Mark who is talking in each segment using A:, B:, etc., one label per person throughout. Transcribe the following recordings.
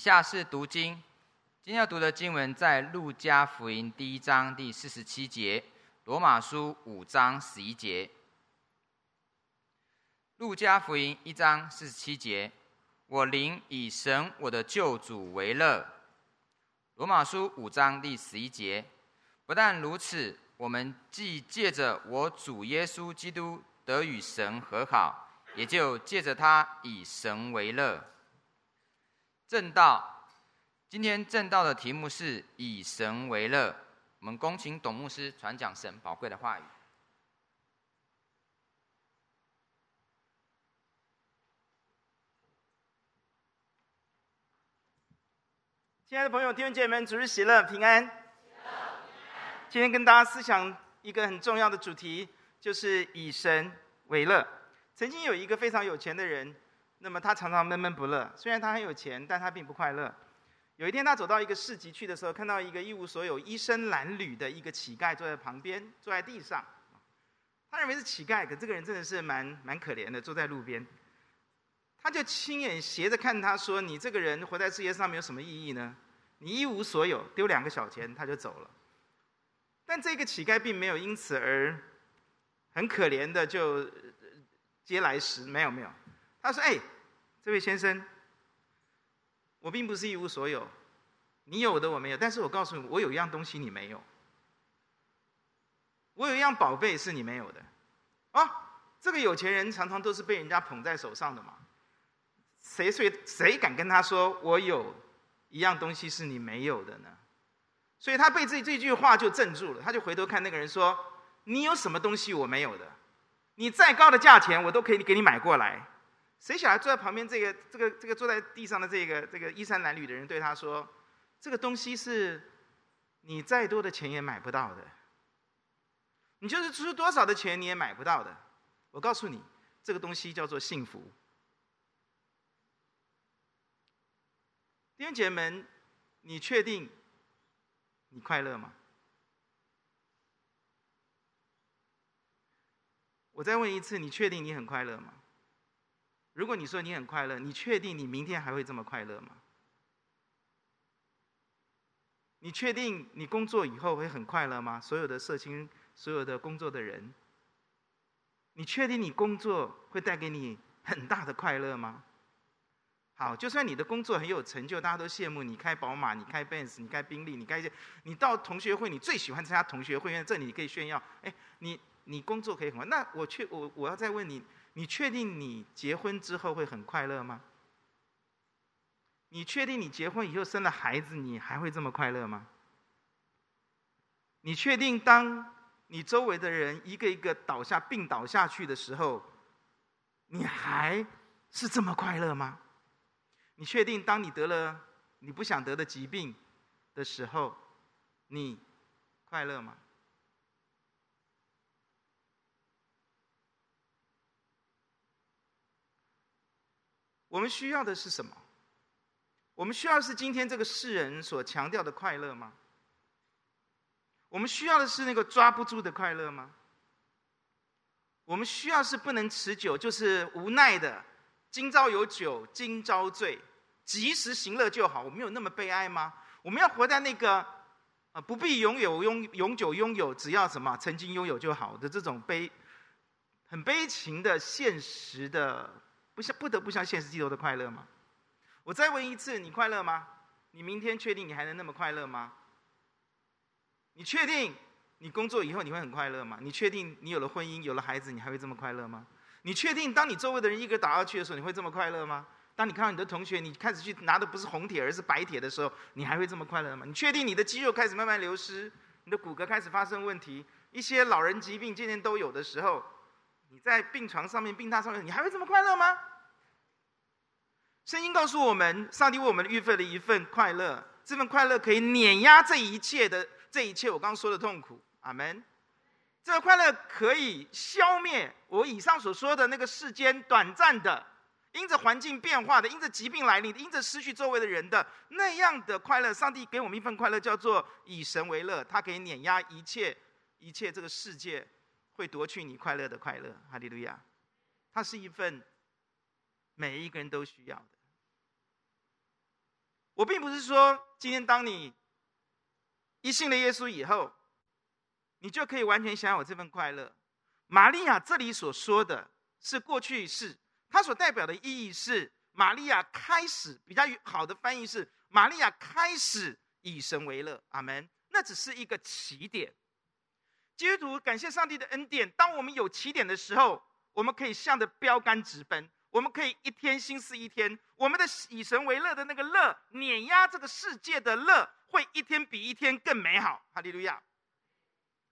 A: 以下是讀經，今天要讀的經文在路《路加福音》第一章第四十七節，《羅馬書》五章十一節。《路加福音》一章四十七節：我靈以神我的救主為樂。為樂。《羅馬書》五章第十一節：不但如此，我們既借着我主耶穌基督得與神和好，也就借着他以神為樂。正道，今天正道的題目是以神為樂。我們恭請董牧師傳講神寶貴的話語。親愛的朋友們、弟兄姐妹們，主日喜樂平安！喜樂平安！今天跟大家思想一個很重要的主題，就是以神為樂。曾經有一個非常有錢的人。那麼他常常悶悶不樂，雖然他很有錢，但他並不快樂。有一天他走到一個市集去的時候，看到一個一無所有、衣衫襤褸的一個乞丐坐在旁邊，坐在地上。他認為是乞丐，可這個人真的是蠻蠻可憐的，坐在路邊。他就親眼斜着看他說：“你這個人活在世界上面有什麼意義呢？你一無所有，丟兩個小錢他就走了。”但這個乞丐並沒有因此而很可憐的就呃呃呃嗟來食，沒有沒有。他說：“哎。”這位先生，我並不是一無所有，你有的我沒有。但是我告訴你，我有一樣東西你沒有，我有一樣寶貝是你沒有的。哦，這個有錢人常常都是被人家捧在手上的嘛，誰誰誰敢跟他說，我有一樣東西是你沒有的呢？所以他被這這句話就鎮住了，他就回頭看那個人說：“你有什麼東西我沒有的？你再高的價錢我都可以給你買過來。”誰想要坐在旁邊、這個、這個、這個、這個坐在地上的這個、這個衣衫襤褸的人對他說：“這個東西是你再多的錢也買不到的，你就是出多少的錢你也買不到的。我告訴你，這個東西叫做幸福。”弟兄姐妹們，你確定你快樂嗎？我再問一次，你確定你很快樂嗎？如果你說你很快樂，你確定你明天還會這麼快樂嗎？你確定你工作以後會很快樂嗎？所有的社青，所有的工作的人，你確定你工作會帶給你很大的快樂嗎？好，就算你的工作很有成就，大家都羨慕你開寶馬，你開奔馳，你開賓利，你開一些，你到同學會，你最喜歡參加同學會，因為這裡你可以炫耀。哎，你你工作可以很快，那我去我我要再問你。你確定你結婚之後會很快樂嗎？你確定你結婚以後生了孩子，你還會這麼快樂嗎？你確定當你周圍的人一個一個倒下、病倒下去的時候，你還是這麼快樂嗎？你確定當你得了你不想得的疾病的時候，你快樂嗎？我們需要的是什麼？我們需要是今天這個世人所強調的快樂嗎？我們需要的是那個抓不住的快樂嗎？我們需要是不能持久，就是無奈的，今朝有酒今朝醉，及時行樂就好，我們有那麼悲哀嗎？我們要活在那個啊，不必擁有，永永久擁有，只要什麼曾經擁有就好的，的這種悲，很悲情的現實的。不不得不向現實低頭的快樂嗎？我再問一次，你快樂嗎？你明天確定你還能那麼快樂嗎？你確定你工作以後你會很快樂嗎？你確定你有了婚姻、有了孩子，你還會這麼快樂嗎？你確定當你周圍的人一個倒下去的時候，你會這麼快樂嗎？當你看到你的同學你開始去拿的不是紅鐵而是白鐵的時候，你還會這麼快樂嗎？你確定你的肌肉開始慢慢流失，你的骨骼開始發生問題，一些老人疾病漸漸都有的時候，你在病床上面、病榻上面，你還會這麼快樂嗎？聖經告訴我們，上帝為我們預備了一份快樂，這份快樂可以碾壓這一切的這一切。我剛剛說的痛苦，阿門。這個快樂可以消滅我以上所說的那個世間短暫的、因着環境變化的、因着疾病來臨的、因着失去周圍的人的那樣的快樂。上帝給我們一份快樂，叫做以神為樂，它可以碾壓一切、一切這個世界會奪去你快樂的快樂。哈利路亞，它是一份每一個人都需要的。我並不是說今天當你一信了耶穌以後，你就可以完全享有這份快樂。瑪利亞這裡所說的是過去式，它所代表的意義是瑪利亞開始，比較好的翻譯是瑪利亞開始以神為樂。阿門。那只是一個起點。基督徒感謝上帝的恩典，當我們有起點的時候，我們可以向着標杆直奔。我們可以一天新似一天，我們的以神為樂的那個樂，碾壓這個世界的樂，會一天比一天更美好。哈利路亞！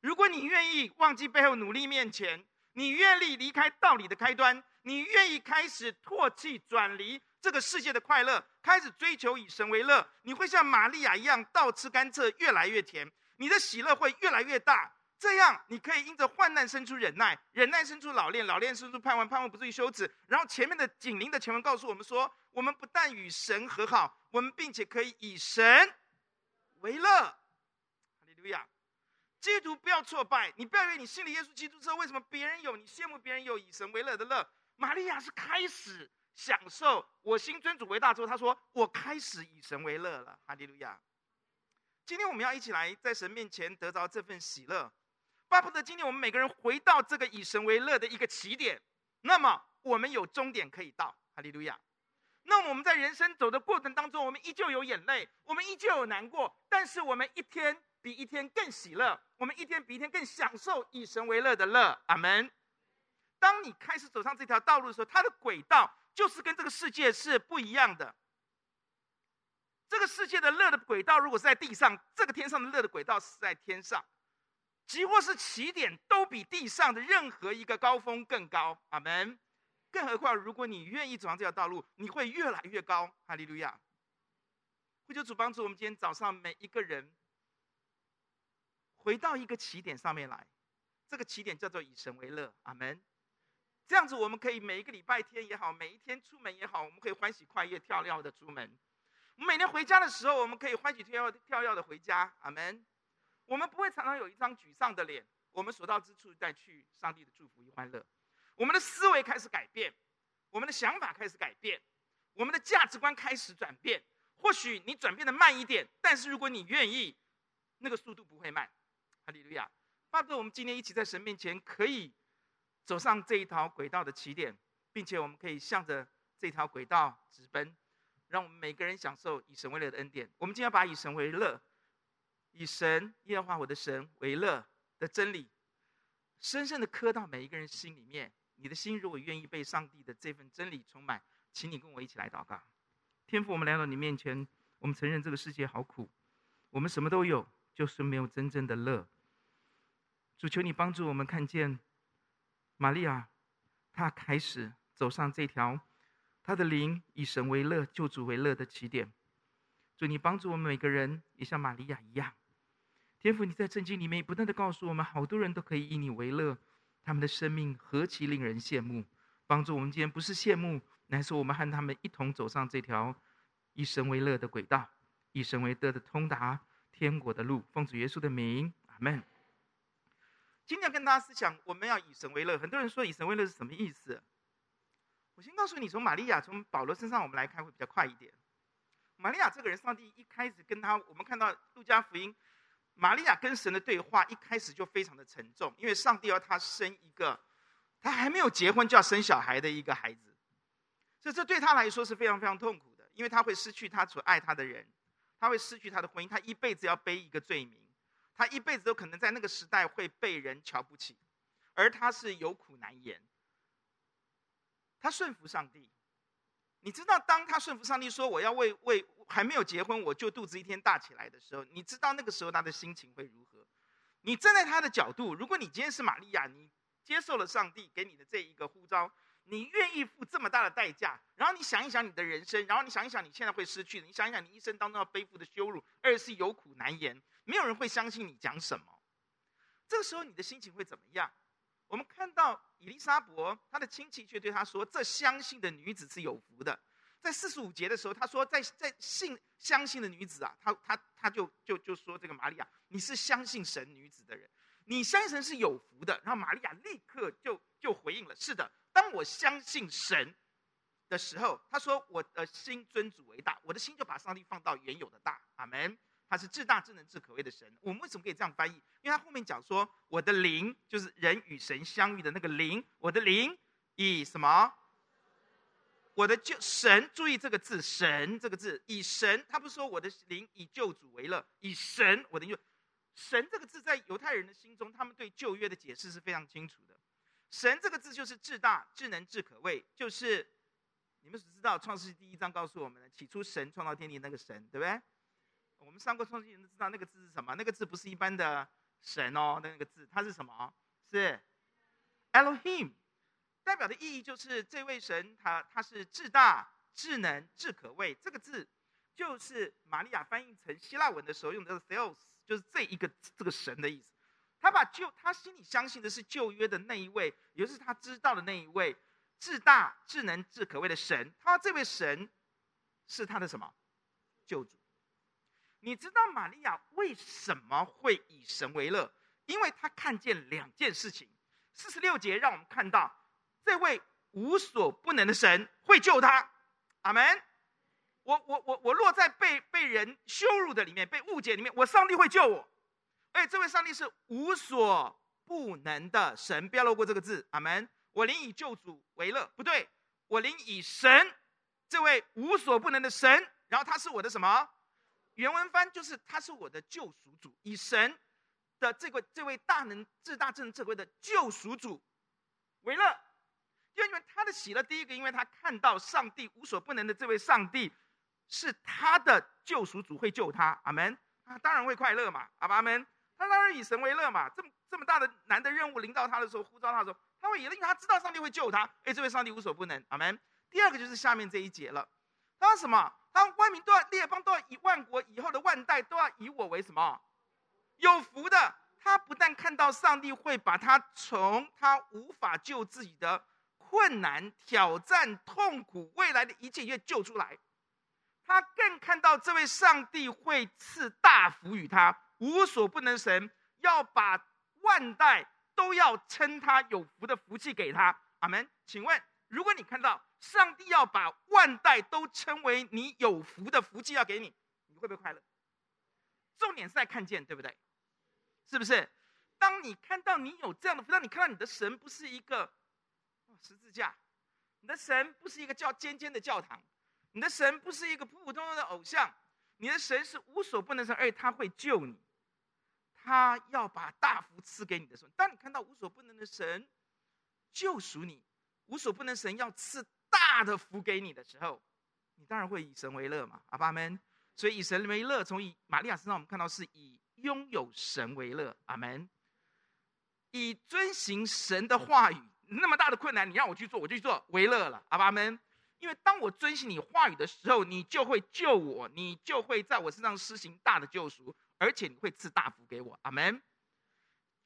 A: 如果你願意忘記背後努力面前，你願意離開道理的開端，你願意開始唾棄轉離這個世界的快樂，開始追求以神為樂，你會像瑪利亞一樣，倒吃甘蔗越來越甜，你的喜樂會越來越大。這樣，你可以因着患難生出忍耐，忍耐生出老練，老練生出盼望，盼望不至於羞恥。然後前面的緊鄰的前文告訴我們說，我們不但與神和好，我們並且可以以神為樂。哈利路亞！基督徒不要挫敗，你不要以為你信了耶穌基督之後，為什麼別人有你羨慕別人有以神為樂的樂？瑪利亞是開始享受我心尊主為大之後，她說我開始以神為樂了。哈利路亞！今天我們要一起來在神面前得着這份喜樂。巴不得今天我們每個人回到這個以神為樂的一個起點，那麼我們有終點可以到。哈利路亞。那我們在人生走的過程當中，我們依舊有眼淚，我們依舊有難過，但是我們一天比一天更喜樂，我們一天比一天更享受以神為樂的樂。阿門。當你開始走上這條道路的時候，它的軌道就是跟這個世界是不一樣的。這個世界的樂的軌道如果是在地上，這個天上的樂的軌道是在天上。即或是起點都比地上的任何一個高峰更高，阿門。更何況，如果你願意走上這條道路，你會越來越高，哈利路亞。呼求主幫助我們，今天早上每一個人回到一個起點上面來，這個起點叫做以神為樂，阿門。這樣子，我們可以每一個禮拜天也好，每一天出門也好，我們可以歡喜快樂跳躍的出門。我們每天回家的時候，我們可以歡喜跳躍跳躍的回家，阿門。我們不會常常有一張沮喪的臉，我們所到之處帶去上帝的祝福與歡樂。我們的思維開始改變，我們的想法開始改變，我們的價值觀開始轉變。或許你轉變得慢一點，但是如果你願意，那個速度不會慢。哈利路亞，巴不得我們今天一起在神面前可以走上這一條軌道的起點，並且我們可以向着這條軌道直奔，讓我們每個人享受以神為樂的恩典。我們今天要把以神為樂。以神、耶和華我的神為樂的真理，深深的刻到每一個人心裡面。你的心如果願意被上帝的這份真理充滿，請你跟我一起來禱告。天父，我們來到你面前，我們承認這個世界好苦，我們什麼都有，就是沒有真正的樂。主求你幫助我們看見，瑪利亞，她開始走上這條，她的靈以神為樂、救主為樂的起點。主，祝你幫助我們每個人，也像瑪利亞一樣。天父，你在聖經裡面不斷的告訴我們，好多人都可以以你為樂，他們的生命何其令人羨慕。幫助我們今天不是羨慕，乃是說我們和他們一同走上這條以神為樂的軌道，以神為德的通達天國的路。奉主耶穌的名，阿門。今天要跟大家思想，我們要以神為樂。很多人說，以神為樂是什麼意思？我先告訴你，從瑪利亞、從保羅身上我們來看，會比較快一點。馬利亞這個人，上帝一開始跟他，我們看到《路加福音》，馬利亞跟神的對話一開始就非常的沉重，因為上帝要他生一個，他還沒有結婚就要生小孩的一個孩子，所以這對他來說是非常非常痛苦的，因為他會失去他所愛他的人，他會失去他的婚姻，他一輩子要背一個罪名，他一輩子都可能在那個時代會被人瞧不起，而他是有苦難言，他順服上帝。你知道，當他順服上帝說“我要為為還沒有結婚，我就肚子一天大起來”的時候，你知道那個時候他的心情會如何？你站在他的角度，如果你今天是瑪利亞，你接受了上帝給你的這一個呼召，你願意付這麼大的代價？然後你想一想你的人生，然後你想一想你現在會失去，你想一想你一生當中要背負的羞辱，而是有苦難言，沒有人會相信你講什麼。這個時候你的心情會怎麼樣？我們看到以利沙伯，她的親戚卻對她說：“這相信的女子是有福的。”在四十五節的時候，她說：“在在信相信的女子啊，她她她就就就說這個瑪利亞，你是相信神女子的人，你相信神是有福的。”然後瑪利亞立刻就就回應了：“是的，當我相信神的時候，她說我的心尊主為大，我的心就把上帝放到原有的大。Amen ”阿門。他是至大、至能、至可畏的神。我們為什麼可以這樣翻譯？因為他後面講說：“我的靈就是人與神相遇的那個靈。我的靈以什麼？我的救神，注意這個字‘神’這個字，以神。他不是說我的靈以救主為樂，以神我的靈神這個字，在猶太人的心中，他們對舊約的解釋是非常清楚的。神這個字就是至大、至能、至可畏，就是你們只知道，《創世記》第一章告訴我們：起初神創造天地，那個神，對不對？”我們上過聖經的人都知道，那個字是什麼？那個字不是一般的神哦，那個字它是什麼？是 Elohim，代表的意義就是這位神，他他是至大、至能、至可畏。這個字就是瑪利亞翻譯成希臘文的時候用的 theos 就是這一個這個神的意思。他把舊，他心裡相信的是舊約的那一位，也就是他知道的那一位至大、至能、至可畏的神。他這位神是他的什麼？救主。你知道瑪利亞為什麼會以神為樂？因為她看見兩件事情。四十六節讓我們看到，這位無所不能的神會救他。阿門。我我我我落在被被人羞辱的裡面，被誤解裡面，我上帝會救我。哎，這位上帝是無所不能的神，不要漏過這個字。阿門。我靈以救主為樂，不對，我靈以神，這位無所不能的神，然後他是我的什麼？原文翻就是他，是我的救贖主，以神的這位這位大能、至大、正、智慧的救贖主為樂，因為他的喜樂，第一個，因為他看到上帝無所不能的這位上帝是他的救贖主，會救他，阿門。他當然會快樂嘛，阿巴阿門。他當然以神為樂嘛，這麼這麼大的難的任務臨到他的時候，呼召他的時候，他會以樂，因為他知道上帝會救他。哎，這位上帝無所不能，阿門。第二個就是下面這一節了，他說什麼？啊、萬民都要，列邦都要，以萬國以後的萬代都要以我為什麼有福的。他不但看到上帝會把他從他無法救自己的困難、挑戰、痛苦、未來的一切也救出來，他更看到這位上帝會賜大福於他，無所不能神要把萬代都要稱他有福的福氣給他。阿門。請問，如果你看到。上帝要把萬代都稱為你有福的福氣，要給你，你會不會快樂？重點是在看見，對不對？是不是？當你看到你有這樣的福，當你看到你的神不是一個、哦、十字架，你的神不是一個叫尖尖的教堂，你的神不是一個普普通通的偶像，你的神是無所不能神，而且他會救你。他要把大福賜給你的時候，當你看到無所不能的神救贖你，無所不能神要賜。大的福給你的時候，你當然會以神為樂嘛，阿爸阿們，所以以神為樂，從以瑪利亞身上我們看到是以擁有神為樂，阿門。以遵行神的話語，那麼大的困難，你讓我去做，我就去做為樂了，阿爸阿們。因為當我遵行你話語的時候，你就會救我，你就會在我身上施行大的救贖，而且你會賜大福給我，阿門。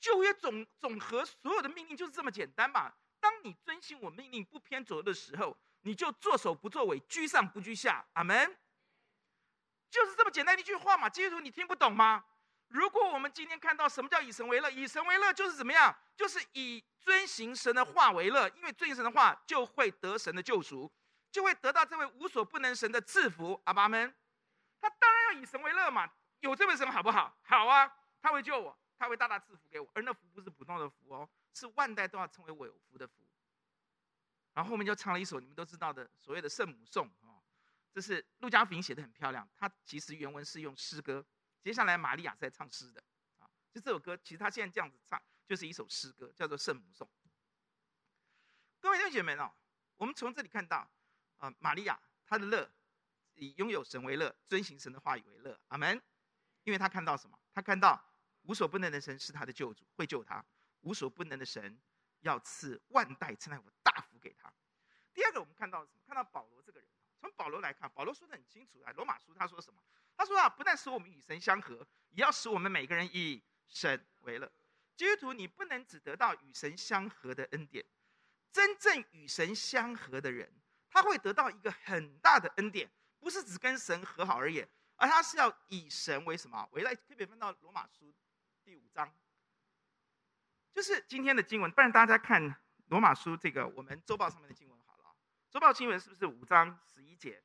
A: 舊約總總和所有的命令就是這麼簡單嘛，當你遵行我命令不偏左右的時候。你就作首不作尾，居上不居下，阿門。就是這麼簡單的一句話嘛，基督徒你聽不懂嗎？如果我們今天看到什麼叫以神為樂，以神為樂就是怎麼樣？就是以遵行神的話為樂，因為遵行神的話就會得神的救贖，就會得到這位無所不能神的賜福，阿爸們。他當然要以神為樂嘛，有這位神好不好？好啊，他會救我，他會大大賜福給我，而那福不是普通的福哦，是萬代都要稱為我有福的福。然後後面就唱了一首你們都知道的所謂的聖母頌啊，這是陸家平寫的很漂亮。他其實原文是用詩歌。接下來瑪利亞是在唱詩的啊，就這首歌其實他現在這樣子唱，就是一首詩歌，叫做《聖母頌》。各位弟兄姊妹啊，我們從這裡看到啊，瑪利亞她的樂，以擁有神為樂，遵行神的話語為樂。阿門。因為他看到什麼？他看到無所不能的神是他的救主，會救他。無所不能的神要賜萬代稱他為大。第二個，我們看到是什麼？看到保羅這個人。從保羅來看，保羅說得很清楚啊，《羅馬書》他說什麼？他說啊，不但使我們與神相合，也要使我們每個人以神為樂。基督徒，你不能只得到與神相合的恩典，真正與神相合的人，他會得到一個很大的恩典，不是只跟神和好而已，而他是要以神為什麼？為樂，可以翻到《羅馬書》第五章，就是今天的經文。不然大家看《羅馬書》這個我們周報上面的經文。週報經文，是不是五章十一節？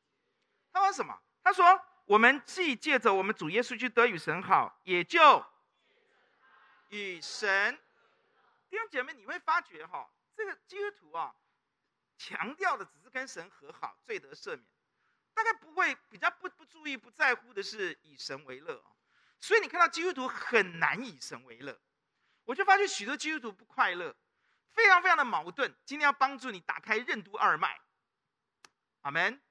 A: 他說什麼？他說，我們既借着我們主耶穌去得與神好，也就與神。弟兄姐妹，你會發覺哈、哦，這個基督徒啊，強調的只是跟神和好，罪得赦免，大概不會比較不不注意、不在乎的是以神為樂。所以你看到基督徒很難以神為樂，我就發覺許多基督徒不快樂，非常非常的矛盾。今天要幫助你打開任督二脈。阿門。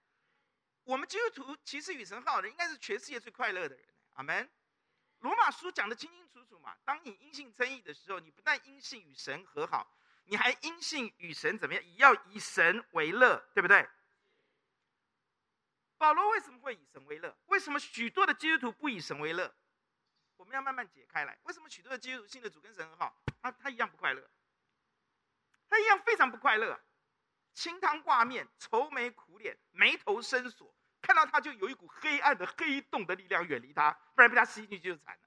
A: 我們基督徒其實與神好的，應該是全世界最快樂的人。阿門。羅馬書講的清清楚楚嘛，當你因信稱義的時候，你不但因信與神和好，你還因信與神怎麼樣？要以神為樂，對不對？保羅為什麼會以神為樂？為什麼許多的基督徒不以神為樂？我們要慢慢解開來。為什麼許多的基督徒信的主跟神和好，他他一樣不快樂，他一樣非常不快樂。清湯掛麵，愁眉苦臉，眉頭深鎖，看到他就有一股黑暗的黑洞的力量，遠離他，不然被他吸進去就慘了。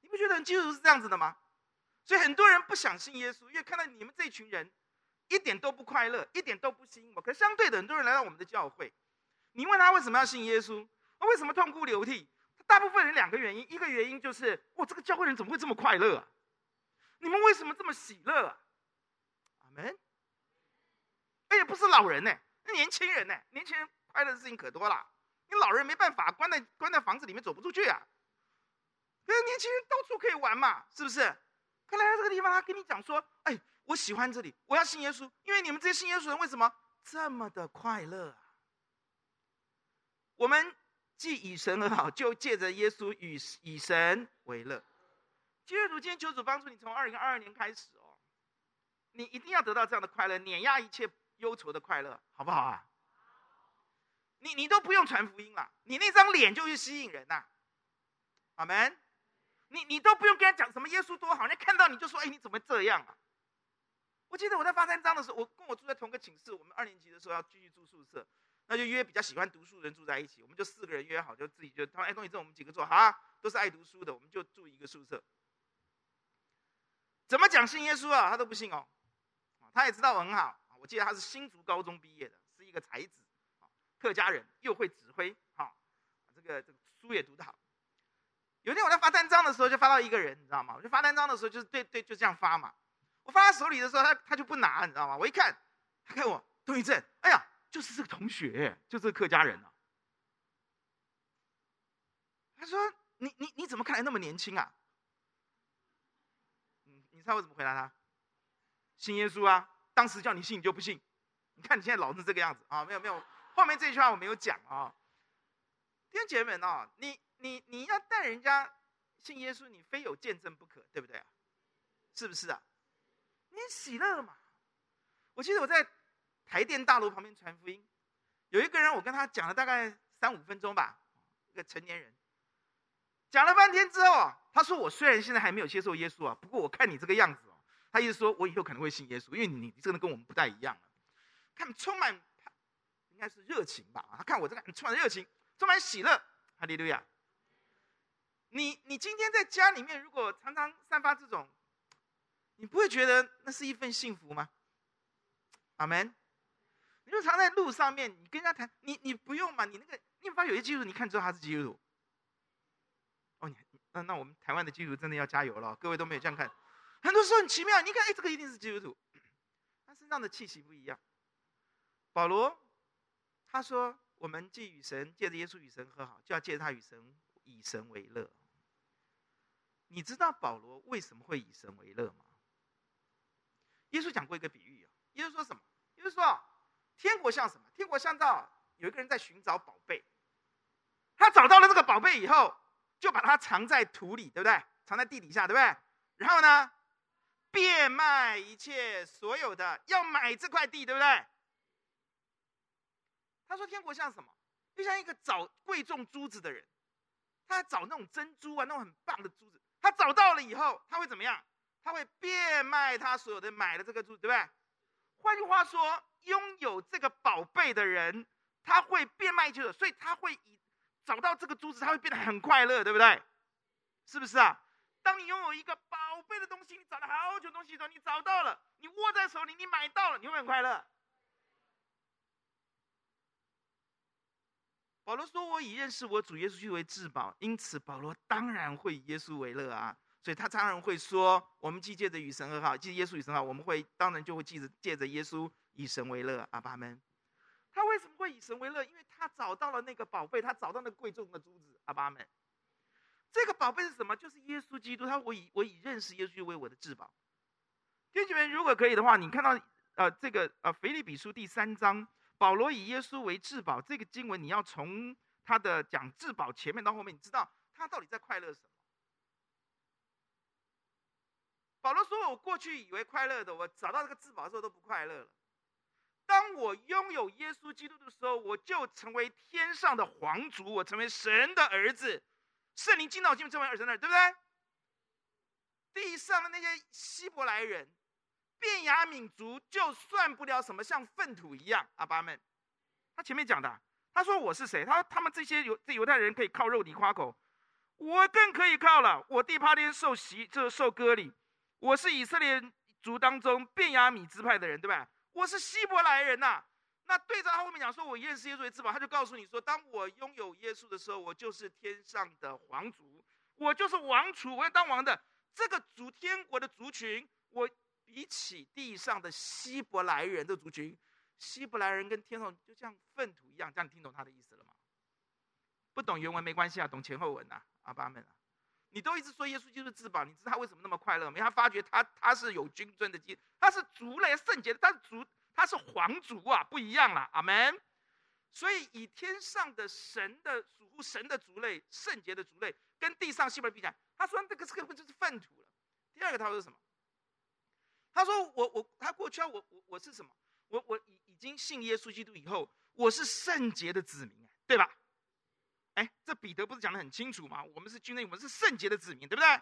A: 你不覺得基督是這樣子的嗎？所以很多人不想信耶穌，因為看到你們這群人，一點都不快樂，一點都不信我。可是相對的，很多人來到我們的教會，你問他為什麼要信耶穌？他為什麼痛哭流涕？大部分人兩個原因，一個原因就是我這個教會人怎麼會這麼快樂啊？你們為什麼這麼喜樂啊？阿門。也不是老人呢、欸，那年輕人呢、欸？年輕人快樂的事情可多了。你老人沒辦法，關在關在房子裡面走不出去啊。可是年輕人到處可以玩嘛，是不是？看來他這個地方他跟你講說：“哎，我喜歡這裡，我要信耶穌，因為你們這些信耶穌人為什麼這麼的快樂？”我們既與神和好，就借着耶穌與以神為樂。日主今天，求主幫助你，從二零二二年開始哦，你一定要得到這樣的快樂，碾壓一切。憂愁的快樂，好不好啊？你你都不用傳福音了，你那張臉就是吸引人吶、啊，阿門。你你都不用跟他講什麼耶穌多好，人家看到你就說：“哎，你怎麼這樣啊？”我記得我在發三章的時候，我跟我住在同個寢室，我們二年級的時候要繼續住宿舍，那就約比較喜歡讀書的人住在一起。我們就四個人約好，就自己就他說：“哎，董宇正，我們幾個坐，好啊，都是愛讀書的，我們就住一個宿舍。”怎麼講信耶穌啊？他都不信哦，他也知道我很好。我記得他是新竹高中畢業的，是一個才子，客家人又會指揮，哈，這個這個書也讀得好。有一天我在發單張的時候，就發到一個人，你知道嗎？我就發單張的時候就，就是對對就這樣發嘛。我發到手裡的時候，他他就不拿，你知道嗎？我一看，他看我，董宇正，哎呀，就是這個同學，就這、是、個客家人啊。他說：“你你你怎麼看來那麼年輕啊？”你猜我怎麼回答他？信耶穌啊。當時叫你信，你就不信。你看你現在老是這個樣子啊，沒有沒有，後面這句話我沒有講啊。弟兄姐妹們啊、哦，你你你要帶人家信耶穌，你非有見證不可，對不對啊？是不是啊？你喜樂嘛？我記得我在台電大樓旁邊傳福音，有一個人，我跟他講了大概三五分鐘吧，一個成年人，講了半天之後啊，他說我雖然現在還沒有接受耶穌啊，不過我看你這個樣子、啊。他意思說，我以後可能會信耶穌，因為你這個人跟我們不太一樣了。他們充滿，應該是熱情吧？他看我這個充滿熱情，充滿喜樂，哈利路亞。你你今天在家裡面，如果常常散發這種，你不會覺得那是一份幸福嗎？阿門。你就常在路上面，你跟人家談，你你不用嘛，你那個你發有些基督徒，你看知道他是基督徒哦，那那我們台灣的基督徒真的要加油了，哦，各位都沒有這樣看。很多時候很奇妙，你看，哎，這個一定是基督徒，他身上的氣息不一樣。保羅他說：“我們既與神，借着耶穌與神和好，就要借着祂與神以神為樂。”你知道保羅為什麼會以神為樂嗎？耶穌講過一個比喻，耶穌說什麼？耶穌說：“天國像什麼？天國像到有一個人在尋找寶貝，他找到了這個寶貝以後，就把它藏在土裡，對不對？藏在地底下，對不對？然後呢？”變賣一切所有的，要買這塊地，對不對？他說：“天國像什麼？就像一個找貴重珠子的人，他找那種珍珠啊，那種很棒的珠子。他找到了以後，他會怎麼樣？他會變賣他所有的，買的這個珠子，對不對？換句話說，擁有這個寶貝的人，他會變賣去了，所以他會以找到這個珠子，他會變得很快樂，對不對？是不是啊？”當你擁有一個寶貝的東西，你找了好久東西，說你找到了，你握在手裡，你買到了，你會很快樂。保羅說：“我以認識我主耶穌為至寶。”因此，保羅當然會以耶穌為樂啊！所以他常常會說：“我們既借着與神和好，既耶穌與神和好，我們會當然就會借着借着耶穌以神為樂。”阿爸們，他為什麼會以神為樂？因為他找到了那個寶貝，他找到那貴重的珠子。阿爸們。這個寶貝是什麼？就是耶穌基督。他我以我以認識耶穌為我的至寶。弟兄們，如果可以的話，你看到呃這個呃腓立比書第三章，保羅以耶穌為至寶。這個經文你要從他的講至寶前面到後面，你知道他到底在快樂什麼？保羅說：“我過去以為快樂的，我找到這個至寶的時候都不快樂了。當我擁有耶穌基督的時候，我就成為天上的皇族，我成為神的兒子。”聖靈進到進入這位兒子那，對不對？地上的那些希伯來人、便雅憫族，就算不了什麼，像糞土一樣。阿巴們，他前面講的，他說我是誰？他說他們這些猶這猶太人可以靠肉體誇口，我更可以靠了。我第八天受洗，就是受割禮。我是以色列族當中便雅憫支派的人，對吧？我是希伯來人吶、啊。那對着他後面講說：“我認識耶穌為至寶。”他就告訴你說：“當我擁有耶穌的時候，我就是天上的皇族，我就是王族，我要當王的。這個族，天國的族群，我比起地上的希伯來人的族群，希伯來人跟天上就像糞土一樣。”這樣，你聽懂他的意思了嗎？不懂原文沒關係啊，懂前後文吶、啊，阿巴門啊，你都一直說耶穌就是至寶，你知道他為什麼那麼快樂嗎？他發覺他他是有君尊的，他是族類聖潔的，他是族。他是皇族啊，不一樣了，阿門。所以以天上的神的屬乎神的族類、聖潔的族類，跟地上西門彼得，他說這個這個不就是糞土了？第二個他說什麼？他說我我他過去啊，我我我是什麼？我我已已經信耶穌基督以後，我是聖潔的子民，對吧？哎，這彼得不是講得很清楚嗎？我們是軍人，我們是聖潔的子民，對不對？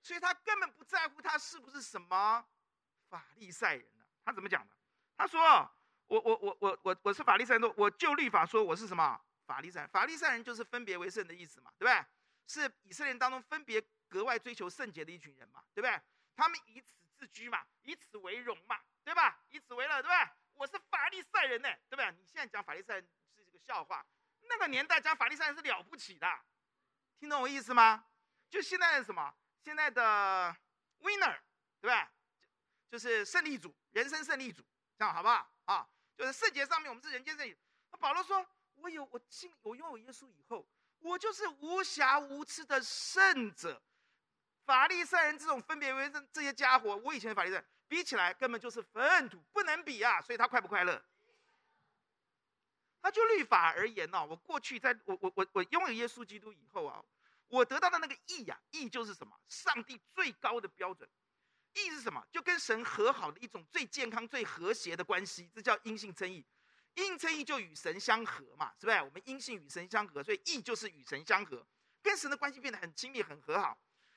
A: 所以他根本不在乎他是不是什麼法利賽人啊，他怎麼講的？他說：“我我我我我我是法利賽人，我就律法說我是什麼法利賽？法利賽人，人就是分別為聖的意思嘛，對不對？是以色列當中分別格外追求聖潔的一群人嘛，對不對？他們以此自居嘛，以此為榮嘛，對吧？以此為樂，對吧？我是法利賽人呢，對不對？你現在講法利賽人，是這個笑話，那個年代講法利賽人是了不起的，聽懂我意思嗎？就現在的什麼現在的 winner，對吧？就是勝利組，人生勝利組。”這樣好不好啊？就是聖潔上面，我們是人間聖潔。那保羅說：“我有我信，我擁有耶穌以後，我就是無瑕無疵的聖者。法利賽人這種分別為這這些家伙，我以前法利賽人比起來，根本就是糞土，不能比啊！所以他快不快樂？他就律法而言呢，我過去在我我我我擁有耶穌基督以後啊，我得到的那個義呀、啊，義就是什麼？上帝最高的標準。”義是什麼？就跟神和好的一種最健康、最和諧的關係，這叫因信稱義。因信稱義就與神相合嘛，是不是？我們因信與神相合，所以義就是與神相合，跟神的關係變得很親密、很和好，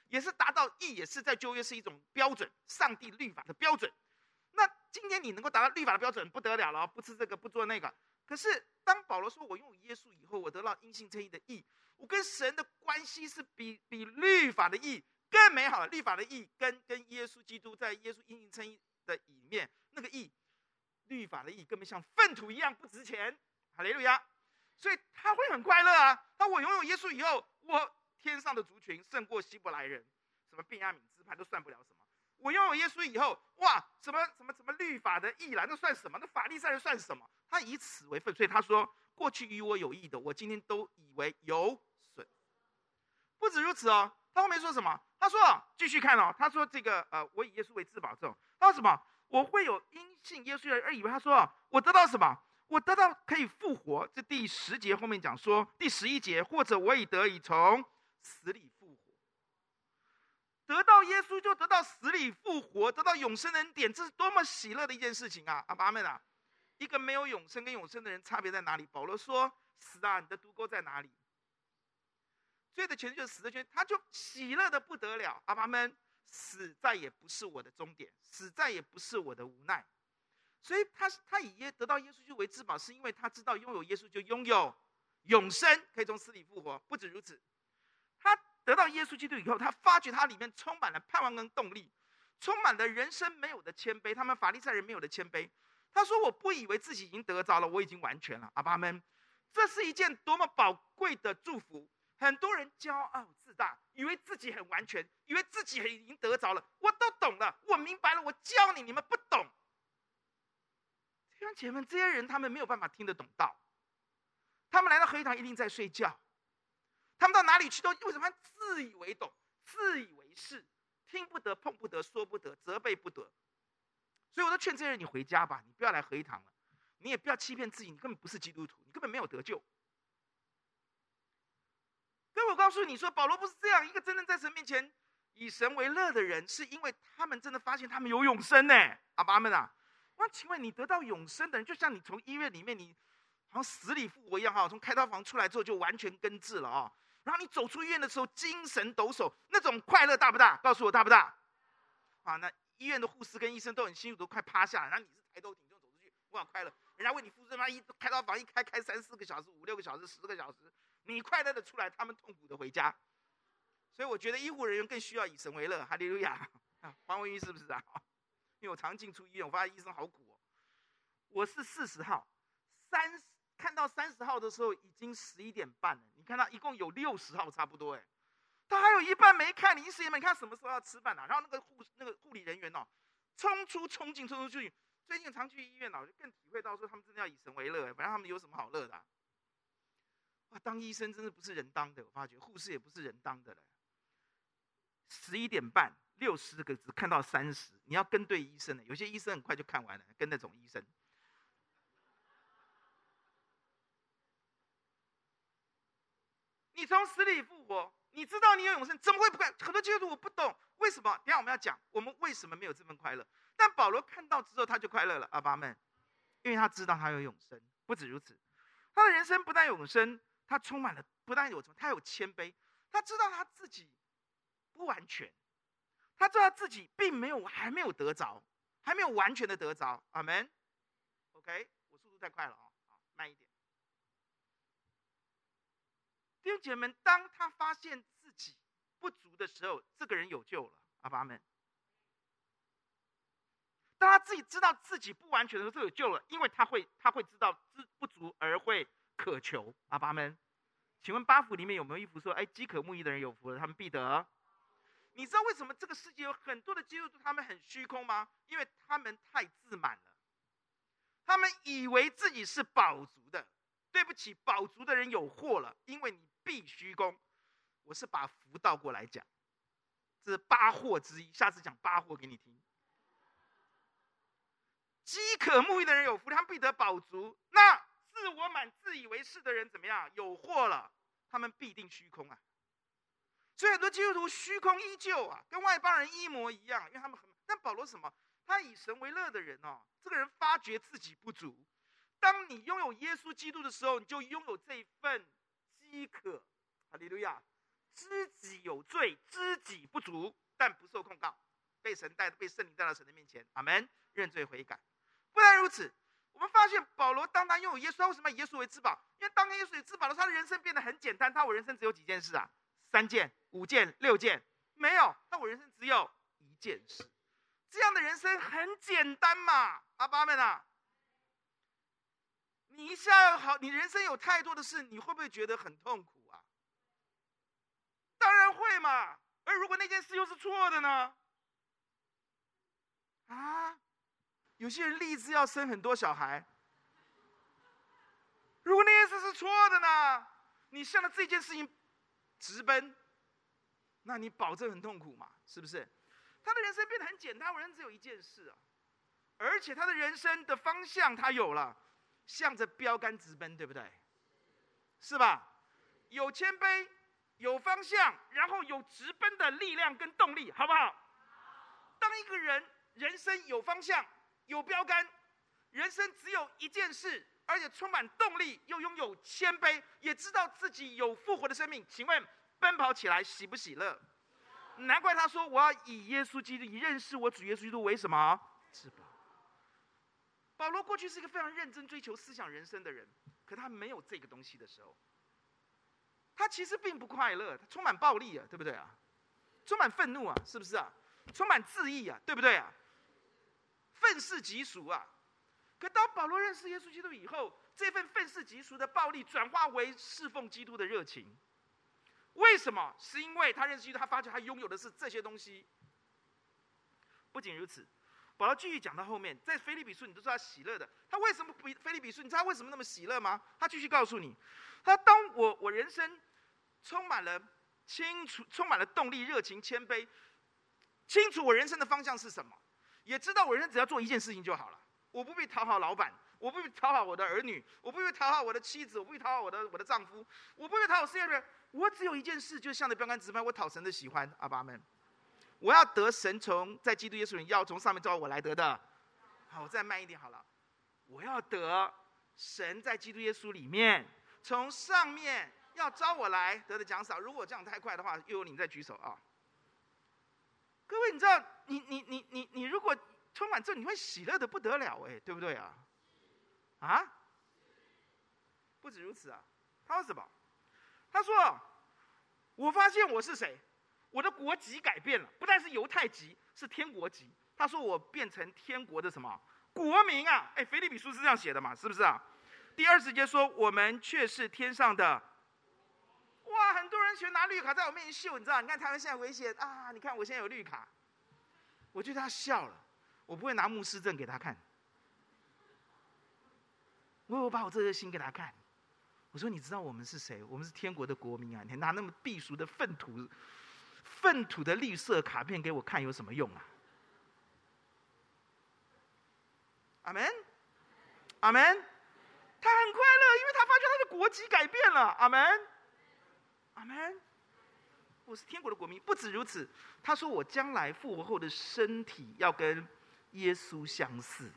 A: 也是達到義，也是在舊約是一種標準，上帝律法的標準。那今天你能夠達到律法的標準，不得了了，不吃這個，不做那個。可是當保羅說，我擁有耶穌以後，我得到因信稱義的義，我跟神的關係是比比律法的義。更美好的律法的義跟，跟跟耶穌基督在耶穌應許稱的裡面那個義，律法的義根本像糞土一樣不值錢，哈雷路亞，所以他會很快樂啊！當我擁有耶穌以後，我天上的族群勝過希伯來人，什麼便雅憫支派都算不了什麼。我擁有耶穌以後，哇，什麼什麼什麼，什麼律法的義來，那都算什麼？那法利賽又算什麼？他以此為糞，所以他說：過去與我有益的，我今天都以為有損。不止如此哦，他後面說什麼？他說：“繼續看哦。”他說：“這個呃，我以耶穌為至寶。”他說什麼？我會有因信耶穌而以為他說：“我得到什麼？我得到可以復活。”這第十節後面講說，第十一節或者我已得以從死裡復活。得到耶穌就得到死裡復活，得到永生的恩典，這是多麼喜樂的一件事情啊！阿爸阿門啊！一個沒有永生跟永生的人差別在哪裡？保羅說：“死啊，你的毒鈎在哪裡？”對的，全死的權就死的權，他就喜樂的不得了。阿爸們，死再也不是我的終點，死再也不是我的無奈。所以他，他他以耶，得到耶穌就為至寶，是因為他知道擁有耶穌就擁有永生，可以從死裡復活。不止如此，他得到耶穌基督以後，他發覺他裡面充滿了盼望跟動力，充滿了人生沒有的謙卑，他們法利賽人沒有的謙卑。他說：“我不以為自己已經得着了，我已經完全了。”阿爸們，這是一件多麼寶貴的祝福。很多人驕傲自大，以為自己很完全，以為自己已經得着了。我都懂了，我明白了，我教你，你們不懂。弟兄姐妹，這些人他們沒有辦法聽得懂道，他們來到合一堂一定在睡覺，他們到哪裡去都為什麼自以為懂、自以為是，聽不得、碰不得、說不得、責備不得，所以我都勸這些人，你回家吧，你不要來合一堂了，你也不要欺騙自己，你根本不是基督徒，你根本沒有得救。所以我告訴你說，保羅不是這樣一個真正在神面前以神為樂的人，是因為他們真的發現他們有永生呢，阿爸們啊！我請問你得到永生的人，就像你從醫院裡面，你好像死裡復活一樣哈、哦，從開刀房出來之後就完全根治了啊、哦，然後你走出醫院的時候精神抖擻，那種快樂大不大？告訴我大不大？啊，那醫院的護士跟醫生都很辛苦，都快趴下了，然後你是抬頭挺胸走出去，哇，快樂！人家為你付出，媽一開刀房一開開三四個小時、五六個小時、十個小時。你快樂的出來，他們痛苦的回家，所以我覺得醫護人員更需要以神為樂。哈利路亞！黃文玉是不是啊？因為我常進出醫院，我發現醫生好苦哦。我是四十號，三看到三十號的時候已經十一點半了。你看他一共有六十號差不多，哎，他還有一半沒看。你一時也你看什麼時候要吃飯啊？然後那個護那個護理人員哦，衝出衝進衝出去，最近常去醫院，啊，我就更體會到說他們真的要以神為樂，不然他們有什麼好樂的啊？哇，當醫生真的不是人當的，我發覺護士也不是人當的了。十一點半，六十個字，看到三十，你要跟對醫生的。有些醫生很快就看完了，跟那種醫生。你從死裡復活，你知道你有永生，怎麼會不快？很多基督徒我不懂為什麼。你我們要講我們為什麼沒有這份快樂。但保羅看到之後他就快樂了，阿巴們，因為他知道他有永生。不止如此，他的人生不但永生。他充滿了，不但有什麼，他有謙卑，他知道他自己不完全，他知道他自己並沒有，還沒有得着，還沒有完全的得着，阿門。OK，我速度太快了啊，哦，慢一點。弟兄姐妹們，當他發現自己不足的時候，這個人有救了，阿爸阿門。當他自己知道自己不完全的時候有救了，因為他會，他會知道自不足而會。渴求阿爸們，請問八福裡面有沒有一福說：哎，飢渴慕義的人有福了，他們必得。你知道為什麼這個世界有很多的基督徒他們很虛空嗎？因為他們太自滿了，他們以為自己是飽足的。對不起，飽足的人有禍了，因為你必虛空。我是把福倒過來講，這是八禍之一。下次講八禍給你聽。飢渴慕義的人有福，他們必得飽足。那。我滿自以為是的人怎麼樣？有禍了，他們必定虛空啊！所以很多基督徒虛空依舊啊，跟外邦人一模一樣，因為他們很……但保羅什麼？他以神為樂的人哦，這個人發覺自己不足。當你擁有耶穌基督的時候，你就擁有這一份飢渴啊！哈利路亞！知己有罪，知己不足，但不受控告被，被神帶，被聖靈帶到神的面前，阿門！認罪悔改，不但如此。我們發現保羅，當他擁有耶穌，為什麼要以耶穌為至寶？因為當耶穌為至寶了，他的人生變得很簡單。他，我人生只有幾件事啊，三件、五件、六件，沒有。那我人生只有一件事，這樣的人生很簡單嘛，阿爸阿們啊！你一下好，你人生有太多的事，你會不會覺得很痛苦啊？當然會嘛。而如果那件事又是錯的呢？啊？有些人立志要生很多小孩。如果那件事是錯的呢？你向着這件事情直奔，那你保證很痛苦嘛？是不是？他的人生變得很簡單，人生只有一件事啊。而且他的人生的方向他有了，向着標杆直奔，對不對？是吧？有謙卑，有方向，然後有直奔的力量跟動力，好不好？當一個人人生有方向。有標杆，人生只有一件事，而且充滿動力，又擁有謙卑，也知道自己有復活的生命。請問，奔跑起來喜不喜樂？嗯、難怪他說：“我要以耶穌基督，以認識我主耶穌基督為什麼？是吧？”保羅過去是一個非常認真追求思想人生的人，可他沒有這個東西的時候，他其實並不快樂，他充滿暴力啊，對不對啊？充滿憤怒啊，是不是啊？充滿自義啊，對不對啊？憤世嫉俗啊！可當保羅認識耶穌基督以後，這份憤世嫉俗的暴力轉化為侍奉基督的熱情。為什麼？是因為他認識基督，他發覺他擁有的是這些東西。不僅如此，保羅繼續講到後面，在腓立比書，你都知道他喜樂的。他為什麼腓腓立比書？你知道他為什麼那麼喜樂嗎？他繼續告訴你，他當我我人生充滿了清楚，充滿了動力、熱情、謙卑，清楚我人生的方向是什麼。也知道我人生只要做一件事情就好了，我不必討好老闆，我不必討好我的兒女，我不必討好我的妻子，我不必討好我的我的丈夫，我不必討好事業人。我只有一件事，就是向着標杆直跑，我討神的喜歡。阿爸們。我要得神從在基督耶穌裡，要從上面召我來得的。好，我再慢一點好了。我要得神在基督耶穌裡面，從上面要召我來得的獎賞。如果我這樣太快的話，又有你們在舉手啊。各位，你知道？你你你你你如果充滿這，你會喜樂的不得了哎、欸，對不對啊？啊？不止如此啊，他說什麼？他說我發現我是誰？我的國籍改變了，不但是猶太籍，是天國籍。他說我變成天國的什麼國民啊？哎，腓立比書是這樣寫的嘛？是不是啊？第二十節說我們卻是天上的。哇，很多人全拿綠卡在我面前秀，你知道？你看台灣現在危險，啊，你看我現在有綠卡。我覺得他笑了，我不會拿牧師證給他看，我會把我這顆心給他看。我說：“你知道我們是誰？我們是天國的國民啊！你拿那麼避俗的糞土、糞土的綠色卡片給我看有什麼用啊？”阿門，阿門。他很快樂，因為他發覺他的國籍改變了。阿門，阿門。我是天國的國民，不止如此，他說我將來復活後的身體要跟耶穌相似。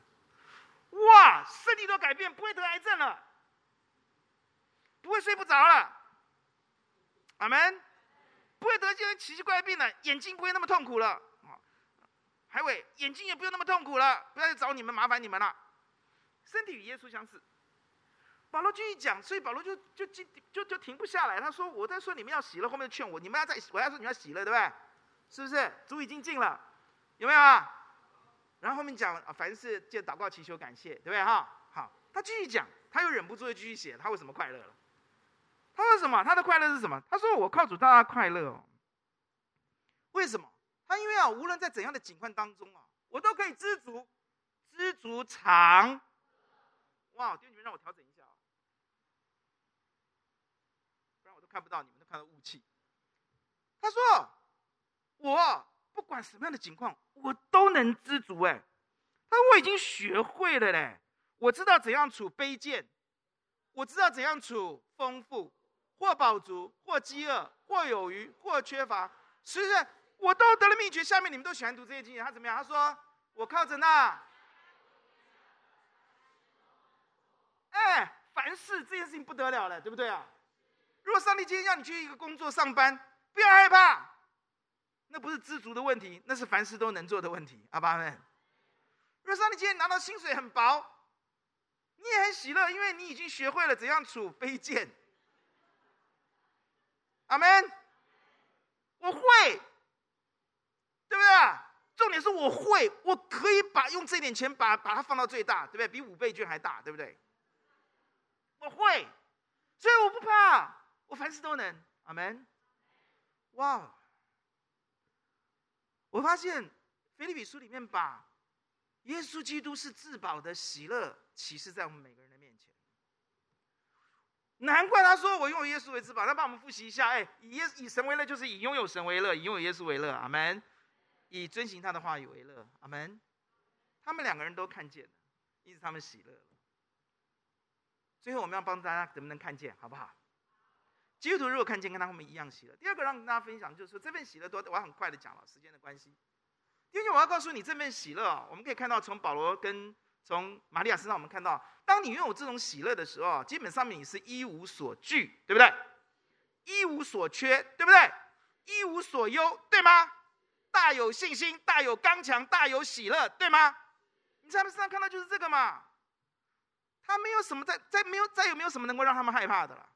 A: 哇，身體都改變，不會得癌症了，不會睡不着了，阿門，不會得這些奇奇怪怪病了，眼睛不會那麼痛苦了，海偉，眼睛也不用那麼痛苦了，不要再找你們麻煩你們了，身體與耶穌相似。保羅繼續講，所以保羅就就就就，就，就停不下來。他說：“我在說你們要喜樂，後面勸我，你們要再我要說你們要喜樂，對不對？是不是？主已經近了，有沒有啊？”然後後面講啊，凡事借禱告祈求感謝，對不對哈？好，他繼續講，他又忍不住又繼續寫。他為什麼快樂了？他說什麼？他的快樂是什麼？他說：“我靠主，大家快樂哦。”為什麼？他因為啊，無論在怎樣的景況當中啊，我都可以知足，知足常。哇！對你們，讓我調整。看不到，你們都看到霧氣。他說：“我不管什麼樣的情況，我都能知足。”哎，他說：“我已經學會了嘞，我知道怎樣處卑賤，我知道怎樣處豐富，或飽足，或飢餓，或有餘，或缺乏。是不是我都得了祕訣？下面你們都喜歡讀這些經驗。他怎麼樣？他說：‘我靠着那。’哎，凡事這件事情不得了了，對不對啊？”如果上帝今天讓你去一個工作上班，不要害怕，那不是知足的問題，那是凡事都能做的問題。阿們，如果上帝今天拿到薪水很薄，你也很喜樂，因為你已經學會了怎樣處卑賤。阿門，我會，對不對？重點是我會，我可以把用這點錢把把它放到最大，對不對？比五倍券還大，對不對？我會，所以我不怕。我凡事都能，阿門。哇！我發現《腓立比書》裡面把耶穌基督是至寶的喜樂，啟示在我們每個人的面前。難怪他說我擁有耶穌為至寶。那幫我們複習一下，哎，以耶以神為樂，就是以擁有神為樂，以擁有耶穌為樂，阿門。以遵行他的話語為樂，阿門。他們兩個人都看見了，因此他們喜樂了。最後，我們要幫大家能不能看見，好不好？基督徒如果看見跟他們一樣喜樂，第二個讓跟大家分享就是說這份喜樂多，我要很快的講了，時間的關係。因為我要告訴你這份喜樂啊，我們可以看到從保羅跟從瑪利亞身上，我們看到當你擁有這種喜樂的時候，基本上面，你是一無所懼，對不對？一無所缺，對不對？一無所憂，對嗎？大有信心，大有剛強，大有喜樂，對嗎？你在他們身上看到就是這個嘛，他沒有什麼再再沒有再也沒有什麼能夠讓他們害怕的了。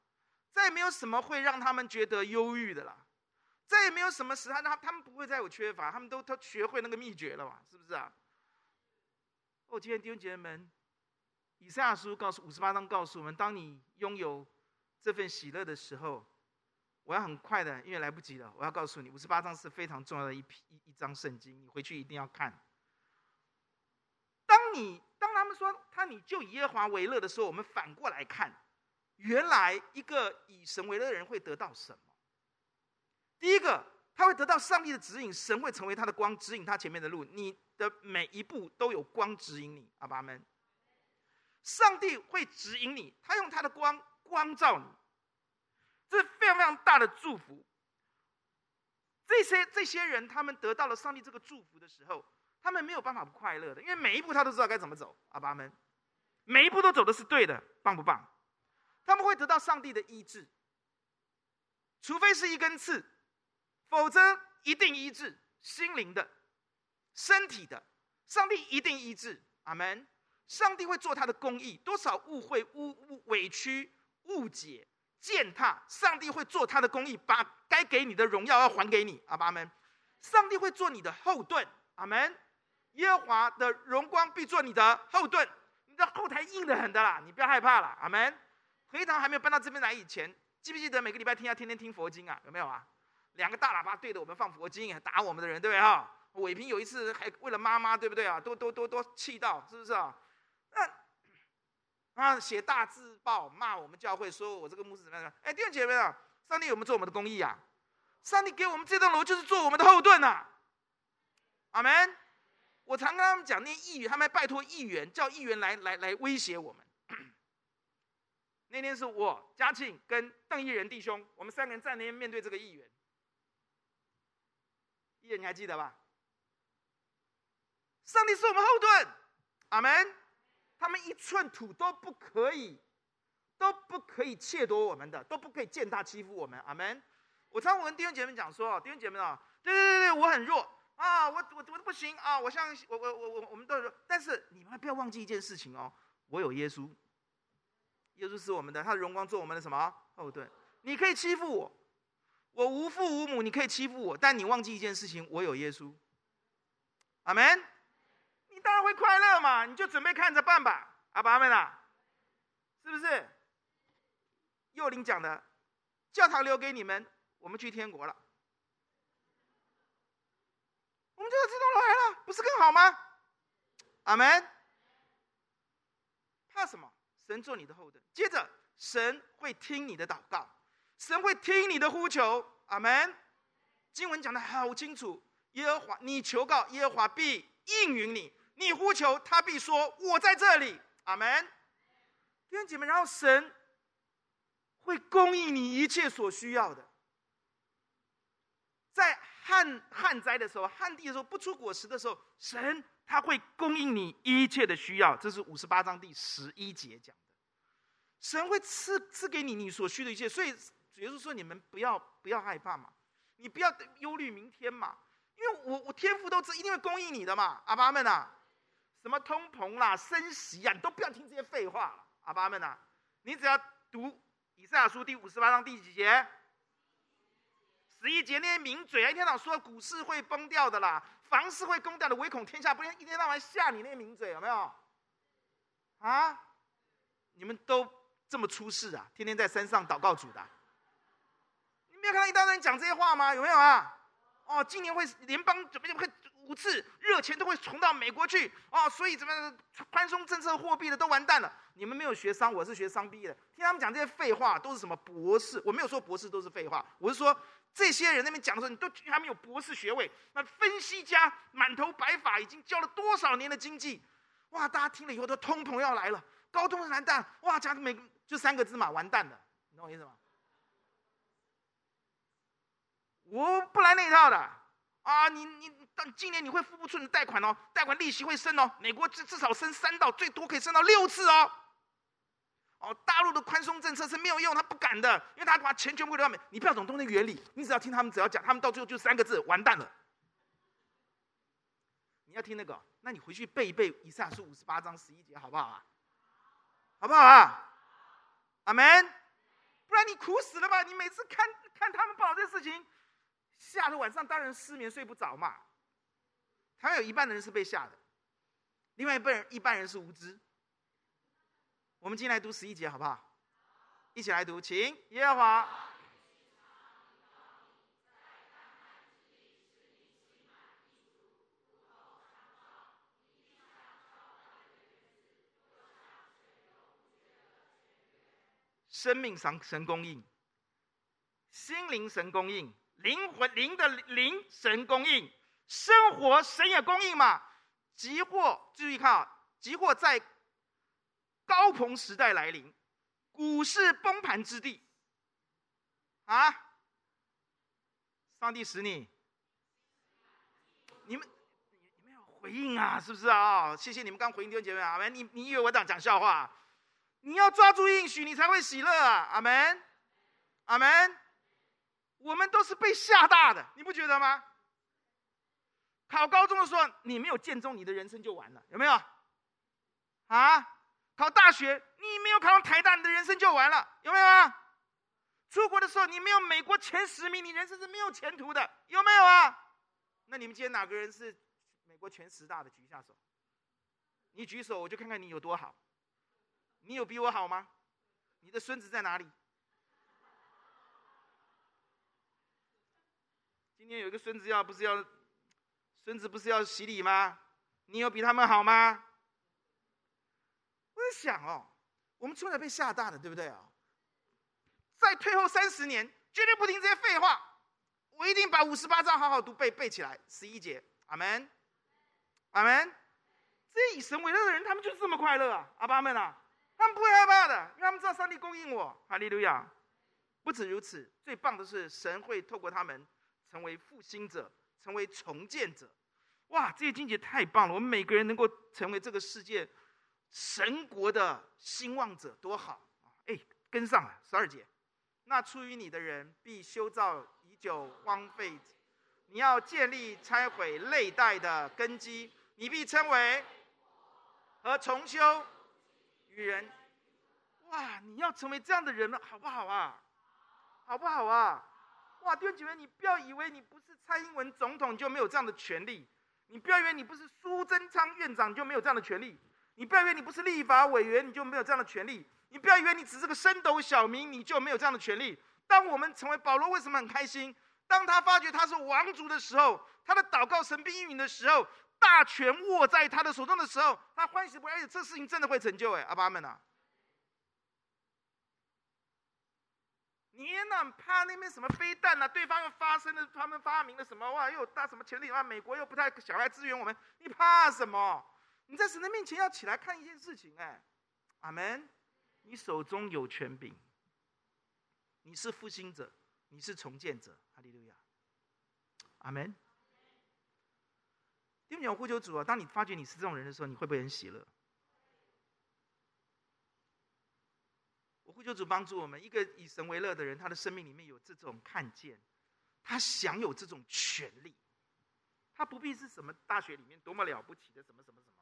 A: 再也沒有什麼會讓他們覺得憂鬱的了，再也沒有什麼使他他他們不會再有缺乏，他們都都學會那個秘訣了嘛，是不是啊？哦，今天弟兄姐妹們，以賽亞書告訴五十八章告訴我們，當你擁有這份喜樂的時候，我要很快的，因為來不及了，我要告訴你，五十八章是非常重要的一一一章聖經，你回去一定要看。當你當他們說他你就以耶和華為樂的時候，我們反過來看。原來一個以神為樂的人會得到什麼？第一個，他會得到上帝的指引，神會成為他的光，指引他前面的路。你的每一步都有光指引你，阿爸們。上帝會指引你，他用他的光光照你，這是非常非常大的祝福。這些這些人，他們得到了上帝這個祝福的時候，他們沒有辦法不快樂的，因為每一步他都知道該怎麼走，阿爸們，每一步都走的是對的，棒不棒？他們會得到上帝的醫治，除非是一根刺，否則一定醫治心靈的、身體的。上帝一定醫治，阿門。上帝會做他的公義，多少誤會、誤誤委屈、誤解、踐踏，上帝會做他的公義，把該給你的榮耀要還給你，阿爸們，上帝會做你的後盾，阿門。耶和華的榮光必做你的後盾，你的後台硬得很的啦，你不要害怕啦。阿門。合一堂還沒有搬到這邊來以前，記不記得每個禮拜天要天天聽佛經啊？有沒有啊？兩個大喇叭對着我們放佛經，打我們的人，對不對啊？偉平有一次還為了媽媽，對不對啊？都都都都氣到，是不是啊？那啊，啊，寫大字報罵我們教會，說我這個牧師怎麼樣，怎麼樣？哎，弟兄姐妹啊，上帝有沒有做我們的公義啊？上帝給我們這棟樓就是做我們的後盾啊，阿門。我常跟他們講那些議員，他們還拜托議員，叫議員來來來威脅我們。那天是我嘉慶跟鄧義仁弟兄，我們三個人在那邊面對這個議員。議員，你還記得吧？上帝是我們後盾，阿門。他們一寸土都不可以，都不可以竊奪我們的，都不可以踐踏欺負我們，阿門。我常常跟弟兄姐妹講說，弟兄姐妹啊，對對對對，我很弱啊，我我我都不行啊，我像我我我我我們都弱，但是你們不要忘記一件事情哦，我有耶穌。耶穌是我們的，他的榮光做我們的什麼？後盾，對，你可以欺負我，我無父無母，你可以欺負我，但你忘記一件事情，我有耶穌。阿門。你當然會快樂嘛，你就準備看着辦吧。阿爸阿們吶、啊，是不是？幼靈講的，教堂留給你們，我們去天國了。我們就在自動樓來了，不是更好嗎？阿門。怕什麼？神做你的後盾，接着神會聽你的禱告，神會聽你的呼求，阿門。經文講得好清楚，耶和華，你求告，耶和華必應允你；你呼求，他必說，我在這裡，阿門。嗯、弟兄姊妹，然後神會供應你一切所需要的，在。旱旱災的時候，旱地的時候，不出果實的時候，神他會供應你一切的需要。這是五十八章第十一節講的，神會賜賜給你你所需的一切。所以，也就是說，你們不要不要害怕嘛，你不要憂慮明天嘛，因為我我天父都知道一定會供應你的嘛。阿爸阿們吶、啊！什麼通膨啦、升息啊，你都不要聽這些廢話了。阿爸阿們吶、啊！你只要讀以賽亞書第五十八章第幾節？十一節，那些名嘴啊，一天到晚說股市會崩掉的啦，房市會崩掉的，唯恐天下不亂，一天到晚嚇你，那些名嘴有沒有？啊，你們都這麼出事啊，天天在山上禱告主的、啊，你沒有看到一大堆人講這些話嗎？有沒有啊？哦，今年會聯邦準備會五次熱錢都會衝到美國去哦，所以怎麼寬鬆政策貨幣的都完蛋了？你們沒有學商，我是學商畢業的，聽他們講這些廢話都是什麼博士？我沒有說博士都是廢話，我是說。這些人那邊講的時候，你都還沒有博士學位，那分析家滿頭白髮，已經教了多少年的經濟，哇！大家聽了以後都通通要來了，高通是難蛋，哇！講每就三個字嘛，完蛋了，你懂我意思嗎？我不來那一套的啊！你你，到今年你會付不出你的貸款哦，貸款利息會升哦，美國至至少升三到最多可以升到六次哦。哦，大陸的寬鬆政策是沒有用，他不敢的，因為他把錢全部留外面。你不要懂東東的原理，你只要聽他們，只要講，他們到最後就三個字：完蛋了。你要聽那個，那你回去背一背《以下是五十八章十一節，好不好啊？好不好啊？阿 man 不然你苦死了吧！你每次看看他們搞這事情，嚇得晚上當然失眠睡不着嘛。他有一半的人是被嚇的，另外一半人，一半人是無知。我們今天來讀十一節好不好？一起來讀，請耶和華。嗯、生命神神供應，心靈神供應，靈魂靈的靈神供應，生活神也供應嘛？急貨，注意看啊，集貨在。高朋時代來臨，股市崩盤之地。啊！上帝使你，你們你們有回應啊？是不是啊？哦、謝謝你們剛回應弟兄姐妹。阿門。你你以為我想講笑話？你要抓住應許，你才會喜樂啊！阿門，阿門。我們都是被嚇大的，你不覺得嗎？考高中的時候，你沒有見中，你的人生就完了，有沒有？啊？考大學，你沒有考上台大，你的人生就完了，有沒有啊？出國的時候，你沒有美國前十名，你人生是沒有前途的，有沒有啊？那你們今天哪個人是美國前十大的？舉一下手。你舉手，我就看看你有多好。你有比我好嗎？你的孫子在哪裡？今天有一個孫子要，不是要，孫子不是要洗禮嗎？你有比他們好嗎？在想哦，我們從小被嚇大的，對不對啊、哦？再退後三十年，絕對不聽這些廢話，我一定把五十八章好好讀背背起來。十一節，阿門，阿門。這些以神為樂的人，他們就是這麼快樂啊！阿爸們啊！他們不會害怕的，因為他們知道上帝供應我。哈利路亞！不止如此，最棒的是，神會透過他們成為復興者，成為重建者。哇，這些經節太棒了！我們每個人能夠成為這個世界，神國的興旺者多好啊！哎，跟上了十二節，那出於你的人必修造已久荒廢，你要建立拆毀累代的根基，你必稱為和重修與人。哇，你要成為這樣的人了，好不好啊？好不好啊？哇，弟兄姊妹，你不要以為你不是蔡英文總統就沒有這樣的權利，你不要以為你不是蘇貞昌院長就沒有這樣的權利。你不要以為你不是立法委員，你就沒有這樣的權利；你不要以為你只是個升斗小民，你就沒有這樣的權利。當我們成為保羅，為什麼很開心？當他發覺他是王族的時候，他的禱告神必應允的時候，大權握在他的手中的時候，他歡喜不？而且這事情真的會成就，哎，阿爸們吶、啊！你哪怕那邊什麼飛彈吶、啊？對方又發生了他們發明了什麼哇？又有大什麼？潛力，以美國又不太想來支援我們，你怕什麼？你在神的面前要起來看一件事情，哎，阿門。你手中有權柄，你是復興者，你是重建者，哈利路亞，阿門。聽不懂，我呼求主啊！當你發覺你是這種人的時候，你會不會很喜樂？我呼求主幫助我們，一個以神為樂的人，他的生命裡面有這種看見，他享有這種權利，他不必是什麼大學裡面多麼了不起的什麼什麼什麼。什麼什麼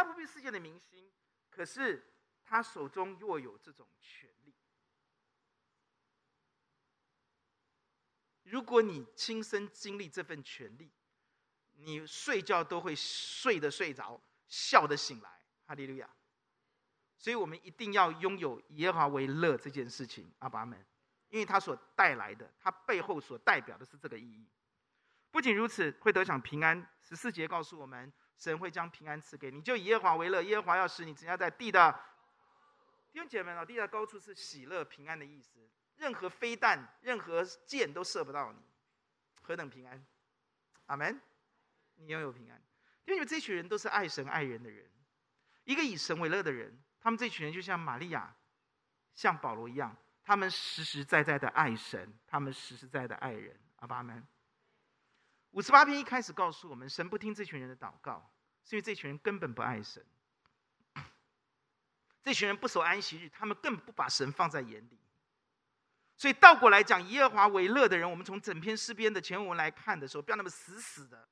A: 他不必世界的明星，可是他手中若有這種權力。如果你親身經歷這份權力，你睡覺都會睡得睡着，笑得醒來，哈利路亞。所以，我們一定要擁有以神為樂這件事情，阿爸們，因為他所帶來的，他背後所代表的是這個意義。不僅如此，會得享平安。十四節告訴我們。神會將平安賜給你，就以耶華為樂。耶和華要使你增加在地的弟兄姐妹們，地的高處是喜樂平安的意思。任何飛彈、任何箭都射不到你，何等平安！阿門。你擁有平安，因為你們這群人都是愛神、愛人的人。一個以神為樂的人，他們這群人就像瑪利亞、像保羅一樣，他們實實在在的愛神，他們實實在在的愛人。阿爸阿門。五十八篇一開始告訴我們，神不聽這群人的禱告，是因為這群人根本不愛神。這群人不守安息日，他們更不把神放在眼裡。所以倒過來講，以耶和華為樂的人，我們從整篇詩篇的前文來看的時候，不要那麼死死的，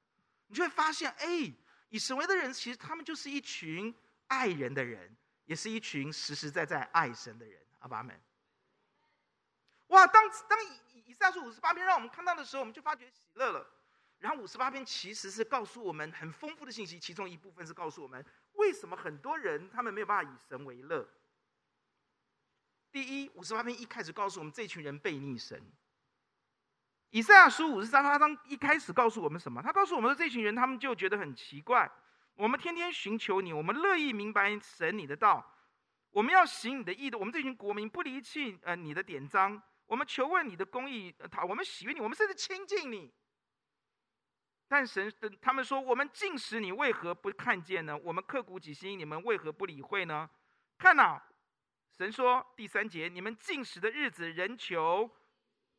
A: 你就會發現，哎，以神為樂的人，其實他們就是一群愛人的人，也是一群實實在在愛神的人。阿巴們。哇，當當以以賽亞書五十八篇讓我們看到的時候，我們就發覺喜樂了。然後五十八篇其實是告訴我們很豐富的信息，其中一部分是告訴我們為什麼很多人他們沒有辦法以神為樂。第一，五十八篇一開始告訴我們這群人悖逆神。《以賽亞書》五十三他一開始告訴我們什麼？他告訴我們說，這群人他們就覺得很奇怪。我們天天尋求你，我們樂意明白神你的道，我們要行你的意的，我們這群國民不離棄呃你的典章，我們求問你的公義，他我們喜悅你，我們甚至親近你。但神，他們說：“我們禁食，你為何不看見呢？我們刻骨己心，你們為何不理會呢？”看吶、啊，神說：“第三節，你們禁食的日子，人求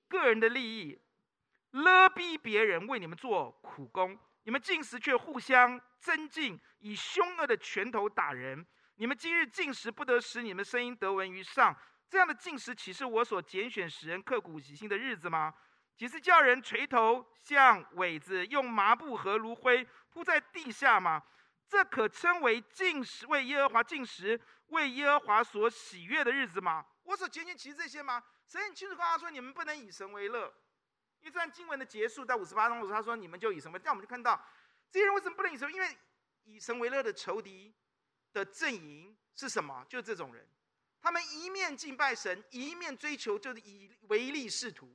A: 個人的利益，勒逼別人為你們做苦工。你們禁食，卻互相爭競，以凶惡的拳頭打人。你們今日禁食，不得使你們聲音得聞於上。這樣的禁食，豈是我所揀選使人刻骨己心的日子嗎？”其實叫人垂頭像葦子，用麻布和爐灰鋪在地下嗎？這可稱為禁食，為耶和華禁食，為耶和華所喜悅的日子嗎？我所僅僅其實這些嗎？所以你清楚跟他說，你們不能以神為樂。一段經文的結束在五十八章時，他說你們就以神為樂。但我們就看到這些人為什麼不能以神為樂？因為以神為樂的仇敵的陣營是什麼？就是這種人，他們一面敬拜神，一面追求就是以唯利是圖。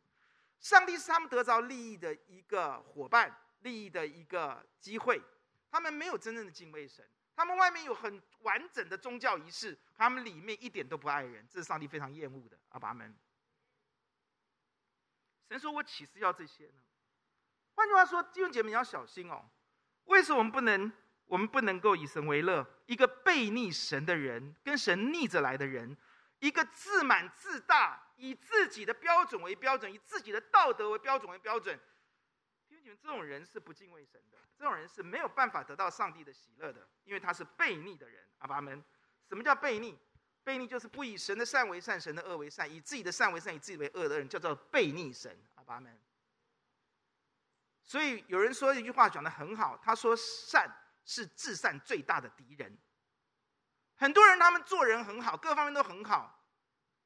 A: 上帝是他們得着利益的一個伙伴，利益的一個機會。他們沒有真正的敬畏神，他們外面有很完整的宗教儀式，他們裡面一點都不愛人，這是上帝非常厭惡的。阿爸們，神說我豈是要這些呢？換句話說，弟兄姐妹，你要小心哦。為什麼我們不能？我們不能夠以神為樂？一個悖逆神的人，跟神逆着來的人。一個自滿自大，以自己的標準為標準，以自己的道德為標準為標準，弟兄姊妹，這種人是不敬畏神的，這種人是沒有辦法得到上帝的喜樂的，因為他是悖逆的人。阿爸們，什麼叫悖逆？悖逆就是不以神的善為善，神的惡為善，以自己的善為善，以自己為惡的人，叫做悖逆神。阿爸們。所以有人說一句話講得很好，他說：“善是至善最大的敵人。”很多人他們做人很好，各方面都很好。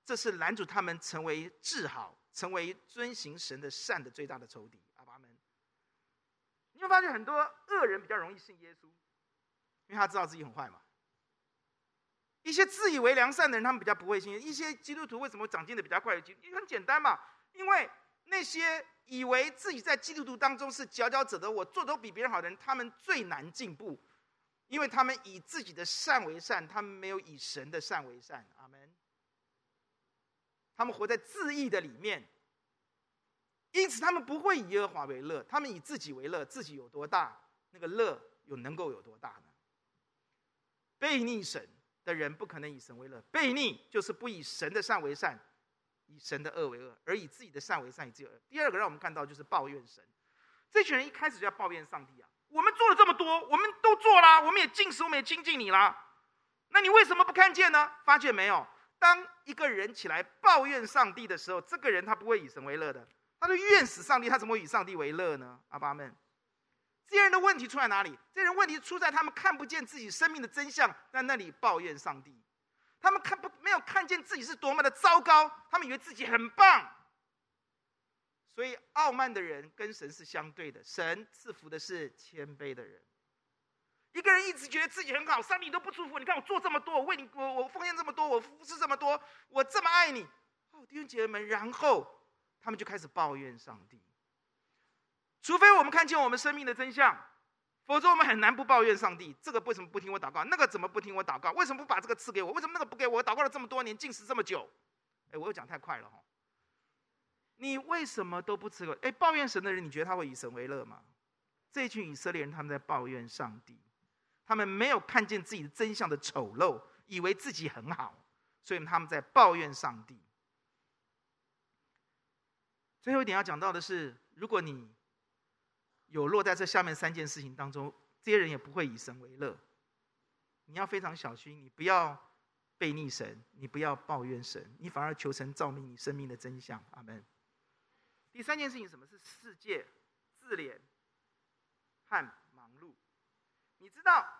A: 這是攔住他們成為治好、成為遵行神的善的最大的仇敵啊，阿門。你會發現很多惡人比較容易信耶穌，因為他知道自己很壞嘛。一些自以為良善的人，他們比較不會信。一些基督徒為什麼長進的比較快？也很簡單嘛，因為那些以為自己在基督徒當中是佼佼者的我，我做得都比別人好的人，他們最難進步，因為他們以自己的善為善，他們沒有以神的善為善。阿門。他們活在自義的裡面，因此他們不會以耶和華為樂，他們以自己為樂，自己有多大，那個樂有能夠有多大呢？悖逆神的人不可能以神為樂，悖逆就是不以神的善為善，以神的惡為惡，而以自己的善為善，以自己的惡。第二個讓我們看到就是抱怨神，這群人一開始就要抱怨上帝啊！我們做了這麼多，我們都做了，我們也敬神，我們也親近你了，那你為什麼不看見呢？發現沒有？當。一個人起來抱怨上帝的時候，這個人他不會以神為樂的。他就怨死上帝，他怎麼會以上帝為樂呢？阿爸們，這些人的問題出在哪裡？這些人問題出在他們看不見自己生命的真相，在那裡抱怨上帝。他們看不沒有看見自己是多麼的糟糕，他們以為自己很棒。所以，傲慢的人跟神是相對的，神賜福的是謙卑的人。一個人一直覺得自己很好，上帝都不舒服。你看我做這麼多，我為你，我我奉獻這麼多，我付出這麼多，我這麼愛你，哦，弟兄姐妹們。然後他們就開始抱怨上帝。除非我們看見我們生命的真相，否則我們很難不抱怨上帝。這個為什麼不聽我禱告？那個怎麼不聽我禱告？為什麼不把這個賜給我？為什麼那個不給我？我禱告了這麼多年，禁食這麼久，哎，我又講太快了哦。你為什麼都不吃？哎，抱怨神的人，你覺得他會以神為樂嗎？這群以色列人，他們在抱怨上帝。他們沒有看見自己的真相的醜陋，以為自己很好，所以他們在抱怨上帝。最後一點要講到的是，如果你有落在這下面三件事情當中，這些人也不會以神為樂。你要非常小心，你不要悖逆神，你不要抱怨神，你反而求神照明你生命的真相。阿門。第三件事情，什麼是世界自憐和忙碌？你知道？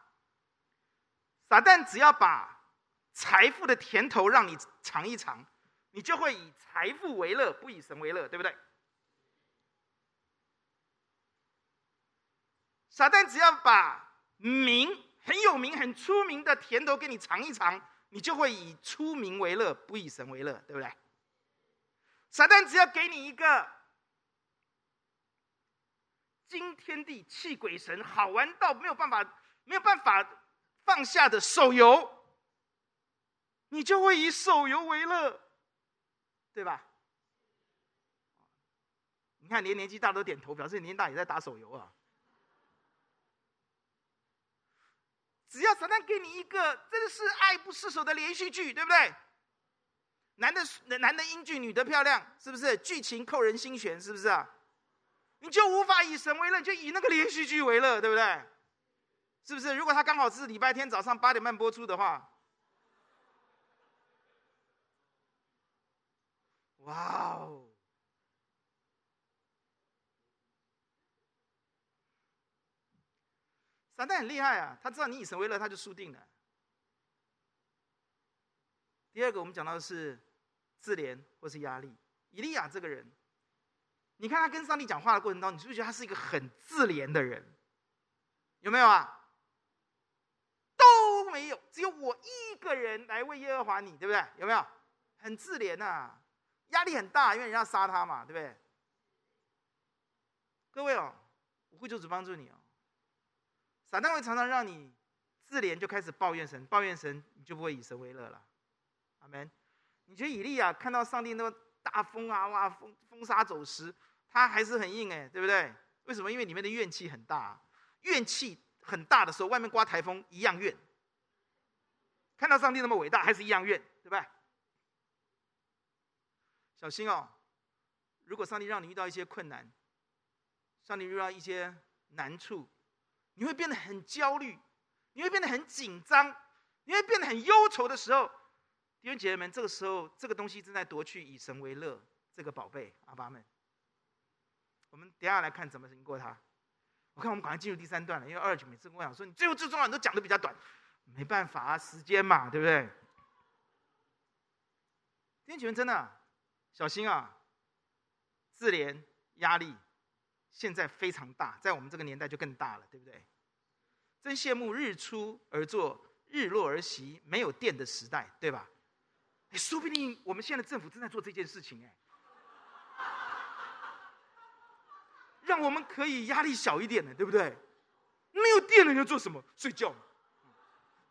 A: 撒旦只要把財富的甜頭讓你嘗一嘗，你就會以財富為樂，不以神為樂，對不對？撒旦只要把名很有名、很出名的甜頭給你嘗一嘗，你就會以出名為樂，不以神為樂，對不對？撒旦只要給你一個驚天地、泣鬼神、好玩到沒有辦法、沒有辦法。放下的手遊，你就會以手遊為樂，對吧？你看連年紀大都點頭，表示年紀大也在打手遊啊。只要常常給你一個真的是愛不釋手的連續劇，對不對？男的男的英俊，女的漂亮，是不是？劇情扣人心弦，是不是啊？你就無法以神為樂，就以那個連續劇為樂，對不對？是不是？如果他剛好是禮拜天早上八點半播出的話，哇哦！撒旦很厲害啊，他知道你以神為樂，他就輸定了。第二個，我們講到的是自憐或是壓力。以利亞這個人，你看他跟上帝講話的過程當中，你是不是覺得他是一個很自憐的人？有沒有啊？都沒有，只有我一個人來為耶和華你，對不對？有沒有很自憐吶、啊？壓力很大，因為人家殺他嘛，對不對？各位哦，我會做主幫助你哦。撒但會常常讓你自憐，就開始抱怨神，抱怨神，你就不會以神為樂了。阿門。你覺得以利亞看到上帝那麼大風啊，哇，風風沙走石，他還是很硬誒、欸，對不對？為什麼？因為裡面的怨氣很大、啊，怨氣很大的時候，外面刮台風一樣怨。看到上帝那麼偉大，還是一樣怨，對吧？小心哦，如果上帝讓你遇到一些困難，上帝遇到一些難處，你會變得很焦慮，你會變得很緊張，你會變得很憂愁的時候，弟兄姐妹們，這個時候這個東西正在奪去以神為樂這個寶貝。阿爸們，我們等下來看怎麼贏過他。我看我們趕快進入第三段了，因為二九每次跟我講說，你最後最重要你都講得比較短。沒辦法啊，時間嘛，對不對？年輕人真的、啊、小心啊！自憐壓力現在非常大，在我們這個年代就更大了，對不對？真羨慕日出而作，日落而息，沒有電的時代，對吧？說不定我們現在的政府正在做這件事情、欸，哎，讓我們可以壓力小一點呢，對不對？沒有電了，你要做什麼？睡覺。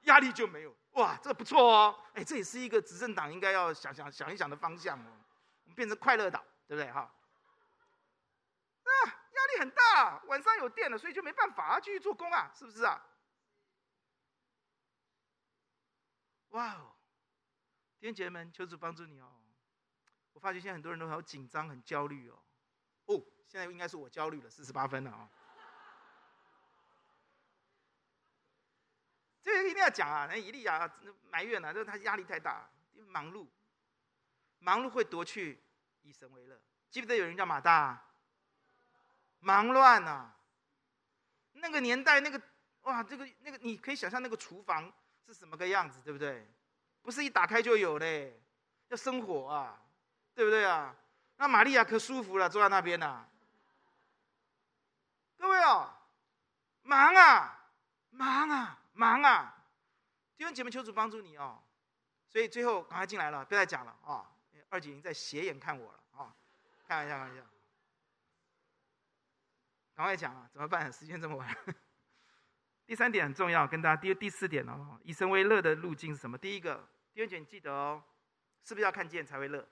A: 壓力就沒有哇，這不錯哦，哎，這也是一個執政黨應該要想想、想一想的方向哦、喔。我們變成快樂黨，對不對哈？啊，壓力很大，晚上有電了，所以就沒辦法繼、啊、續做工啊，是不是啊？哇哦，天姐們，求主幫助你哦、喔。我發現現在很多人都很緊張、很焦慮哦。哦，現在應該是我焦慮了，四十八分了啊、喔。這一定要講啊！那以利亞埋怨呢、啊，說他壓力太大，因為忙碌，忙碌會奪去以神為樂。記不得有人叫馬大。忙亂啊！那個年代，那個哇，這個那個，你可以想象那個廚房是什麼個樣子，對不對？不是一打開就有嘞，要生火啊，對不對啊？那瑪利亞可舒服了，坐在那邊啊，各位哦，忙啊，忙啊！忙啊，弟兄姐妹求主幫助你哦。所以最後趕快進來了，不要再講了啊、哦！二姐已經在斜眼看我了啊，哦、看，看一下開玩笑。趕快講啊！怎麼辦？時間這麼晚了。 第三點很重要，跟大家第第四點哦，以神為樂的路徑是什麼？第一個，弟兄姐你記得哦，是不是要看見才會樂？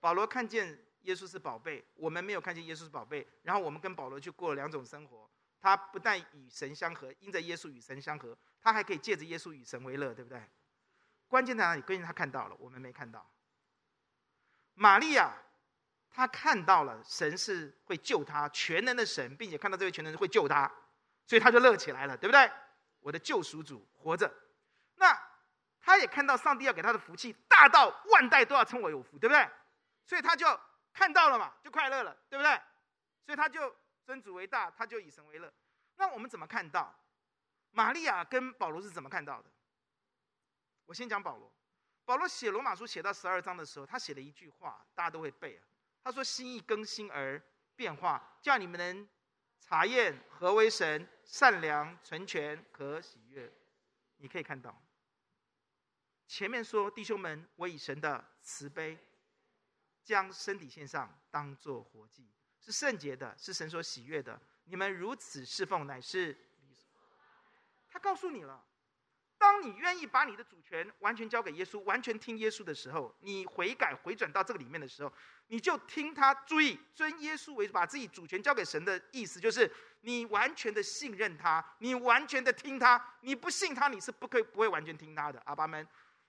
A: 保羅看見耶穌是寶貝，我們沒有看見耶穌是寶貝，然後我們跟保羅去過了兩種生活。他不但與神相合，因着耶穌與神相合，他還可以借着耶穌與神為樂，對不對？關鍵在哪裡？關鍵他看到了，我們沒看到。瑪利亞，她看到了神是會救他，全能的神，並且看到這位全能是會救他，所以他就樂起來了，對不對？我的救贖主活着。那他也看到上帝要給他的福氣大到萬代都要稱我有福，對不對？所以他就看到了嘛，就快樂了，對不對？所以他就。尊主為大，他就以神為樂。那我們怎麼看到？瑪利亞跟保羅是怎麼看到的？我先講保羅。保羅寫羅馬書寫到十二章的時候，他寫了一句話，大家都會背啊。他說：“心意更新而變化，叫你們能察驗何為神善良、純全、可喜悅。”你可以看到，前面說：“弟兄們，我以神的慈悲，將身體獻上，當作活祭。”是聖潔的，是神所喜悅的。你們如此侍奉，乃是……他告訴你了。當你願意把你的主權完全交給耶穌，完全聽耶穌的時候，你悔改回轉到這個裡面的時候，你就聽他。注意，尊耶穌為主，把自己主權交給神的意思，就是你完全的信任他，你完全的聽他。你不信他，你是不可以不會完全聽他的。阿爸們，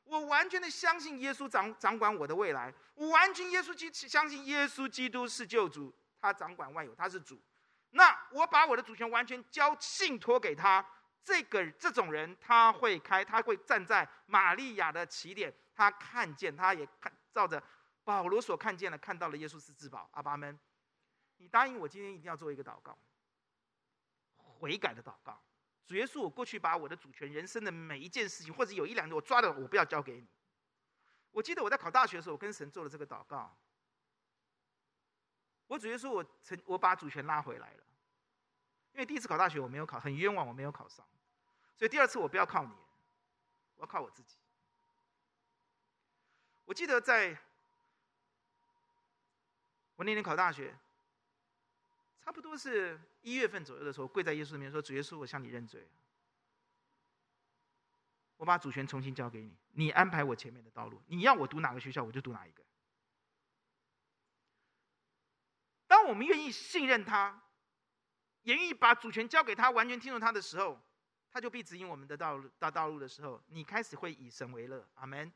A: 我完全的相信耶穌掌掌管我的未來。我完全耶穌基相信耶穌基督是救主。他掌管萬有，他是主。那我把我的主權完全交信托給他，這個這種人他會開，他會站在瑪利亞的起點，他看見，他也看照着保羅所看見的，看到了耶穌是至寶。阿爸們，你答應我今天一定要做一個禱告，悔改的禱告。主耶穌，我過去把我的主權、人生的每一件事情，或者有一兩個我抓的，我不要交給你。我記得我在考大學的時候，我跟神做了這個禱告。我主耶穌，我曾，我把主權拉回來了。因為第一次考大學我沒有考，很冤枉，我沒有考上，所以第二次我不要靠你，我要靠我自己。我記得在我那年考大學，差不多是一月份左右的時候，跪在耶穌面前說：“主耶穌，我向你認罪，我把主權重新交給你，你安排我前面的道路，你要我讀哪個學校，我就讀哪一個。”我們願意信任他，也願意把主權交給他，完全聽從他的時候，他就必指引我們的道路。到道路的時候，你開始會以神為樂，阿門。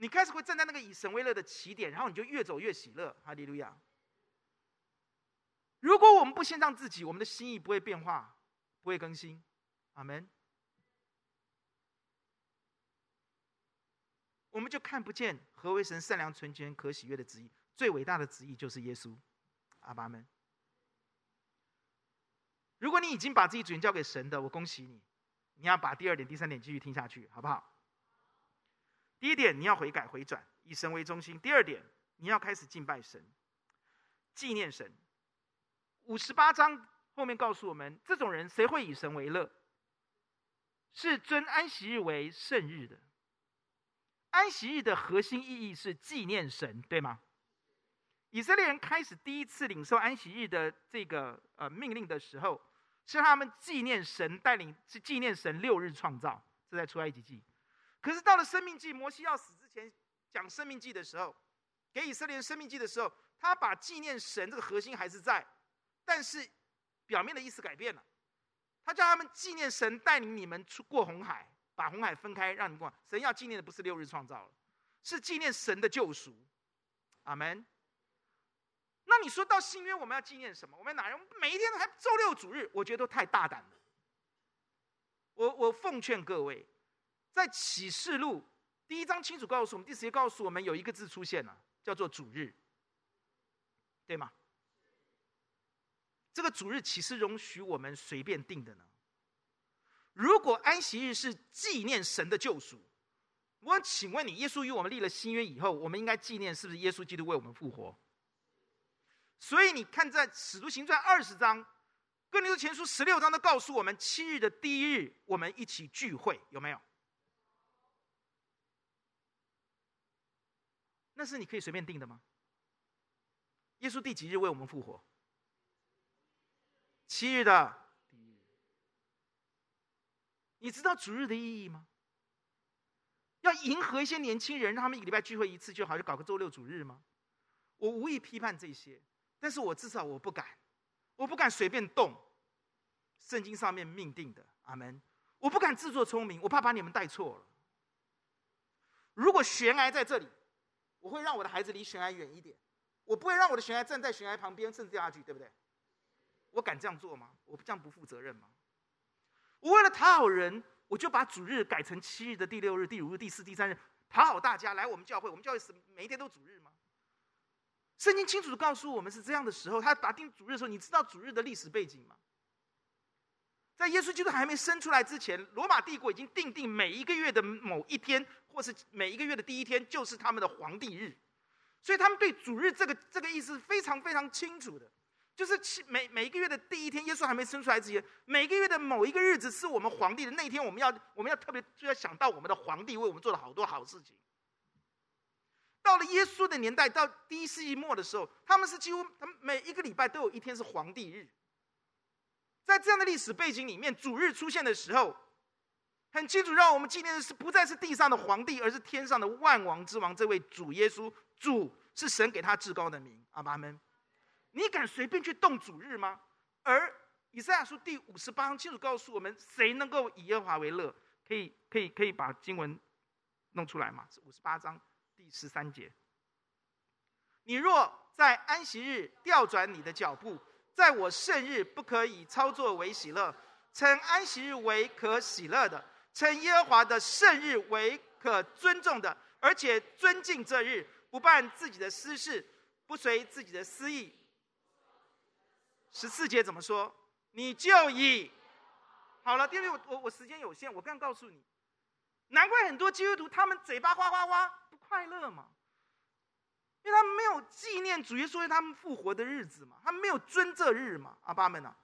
A: 你開始會站在那個以神為樂的起點，然後你就越走越喜樂，哈利路亞。如果我們不獻上自己，我們的心意不會變化，不會更新，阿門。我們就看不見何為神善良、純全、可喜悅的旨意。最偉大的旨意就是耶穌。阿爸們，如果你已經把自己主權交給神的，我恭喜你。你要把第二點、第三點繼續聽下去，好不好？第一點，你要悔改回轉，以神為中心；第二點，你要開始敬拜神、紀念神。五十八章後面告訴我們，這種人誰會以神為樂？是尊安息日為聖日的。安息日的核心意義是紀念神，對嗎？以色列人開始第一次領受安息日的這個呃命令的時候，是他們紀念神帶領，是紀念神六日創造，是在出埃及記。可是到了申命記，摩西要死之前講申命記的時候，給以色列人申命記的時候，他把紀念神這個核心還是在，但是表面的意思改變了。他叫他們紀念神帶領你們出過紅海，把紅海分開，讓你過。神要紀念的不是六日創造了，是紀念神的救贖。阿門。那你說到新約，我們要紀念什麼？我們哪人？每一天都還周六主日，我覺得都太大膽了。我我奉勸各位，在啟示錄第一章清楚告訴我們，第十節告訴我們有一個字出現了，叫做主日，對嗎？這個主日豈是容許我們隨便定的呢？如果安息日是紀念神的救贖，我請問你，耶穌與我們立了新約以後，我們應該紀念是不是耶穌基督為我們復活？所以你看，在《使徒行傳》二十章，《哥林多前書》十六章，都告訴我們七日的第一日，我們一起聚會，有沒有？那是你可以隨便定的嗎？耶穌第幾日為我們復活？七日的第一日。你知道主日的意義嗎？要迎合一些年輕人，讓他們一個禮拜聚會一次就，就好像搞個周六主日嗎？我無意批判這些。但是我至少我不敢，我不敢隨便動，聖經上面命定的，阿門。我不敢自作聰明，我怕把你們帶錯了。如果懸崖在這裡，我會讓我的孩子離懸崖遠一點，我不會讓我的懸崖站在懸崖旁邊甚至掉下去，對不對？我敢這樣做嗎？我這樣不負責任嗎？我為了討好人，我就把主日改成七日的第六日、第五日、第四、第三日，討好大家來我們教會。我們教會是每一天都主日嗎？聖經清楚的告訴我們是這樣的時候，他打定主日的時候，你知道主日的歷史背景嗎？在耶穌基督還沒生出來之前，羅馬帝國已經定定每一個月的某一天，或是每一個月的第一天，就是他們的皇帝日，所以他們對主日這個這個意思非常非常清楚的，就是每每一個月的第一天，耶穌還沒生出來之前，每個月的某一個日子是我們皇帝的那一天，我們要我們要特別就要想到我們的皇帝為我們做了好多好事情。到了耶穌的年代，到第一世紀末的時候，他們是幾乎，他們每一個禮拜都有一天是皇帝日。在這樣的歷史背景裡面，主日出現的時候，很清楚讓我們紀念的是不再是地上的皇帝，而是天上的萬王之王這位主耶穌。主是神給他至高的名啊，阿們。你敢隨便去動主日嗎？而以賽亞書第五十八章清楚告訴我們，誰能夠以耶和華為樂？可以，可以，可以把經文弄出來嗎？是五十八章。第十三節，你若在安息日調轉你的腳步，在我聖日不可以操作為喜樂，稱安息日為可喜樂的，稱耶和華的聖日為可尊重的，而且尊敬這日，不辦自己的私事，不隨自己的私意。十四節怎麼說？你就以好了。第六，我我我時間有限，我剛告訴你，難怪很多基督徒他們嘴巴嘩嘩嘩。快樂嘛，因為他沒有紀念主耶穌為他們復活的日子嘛，他沒有尊這日嘛，阿爸們吶、啊。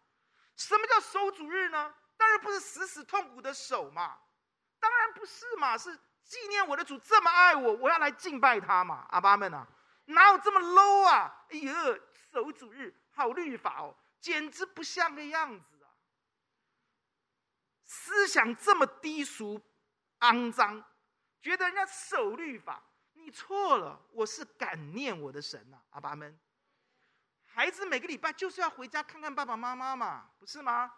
A: 什麼叫守主日呢？當然不是死死痛苦的守嘛，當然不是嘛，是紀念我的主這麼愛我，我要來敬拜他嘛，阿爸們吶、啊。哪有這麼 low 啊？哎呦，守主日好律法哦，簡直不像個樣子啊。思想這麼低俗、骯髒，覺得人家守律法。你錯了，我是感念我的神吶、啊，阿爸們。孩子每個禮拜就是要回家看看爸爸媽媽嘛，不是嗎？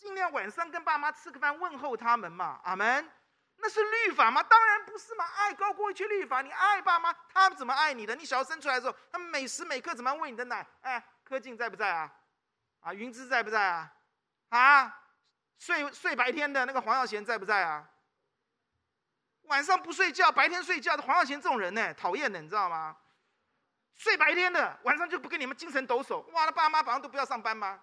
A: 盡量晚上跟爸媽吃個飯，問候他們嘛，阿門。那是律法嗎？當然不是嘛，愛高過去律法。你愛爸媽，他們怎麼愛你的？你小孩生出來的時候，他們每時每刻怎麼樣餵你的奶？哎，柯靜在不在啊？啊，雲芝在不在啊？啊，睡睡白天的那個黃耀賢在不在啊？晚上不睡覺，白天睡覺。黃少賢這種人呢，討厭呢，你知道嗎？睡白天的，晚上就不跟你們精神抖擻。哇，他爸媽晚上都不要上班嗎？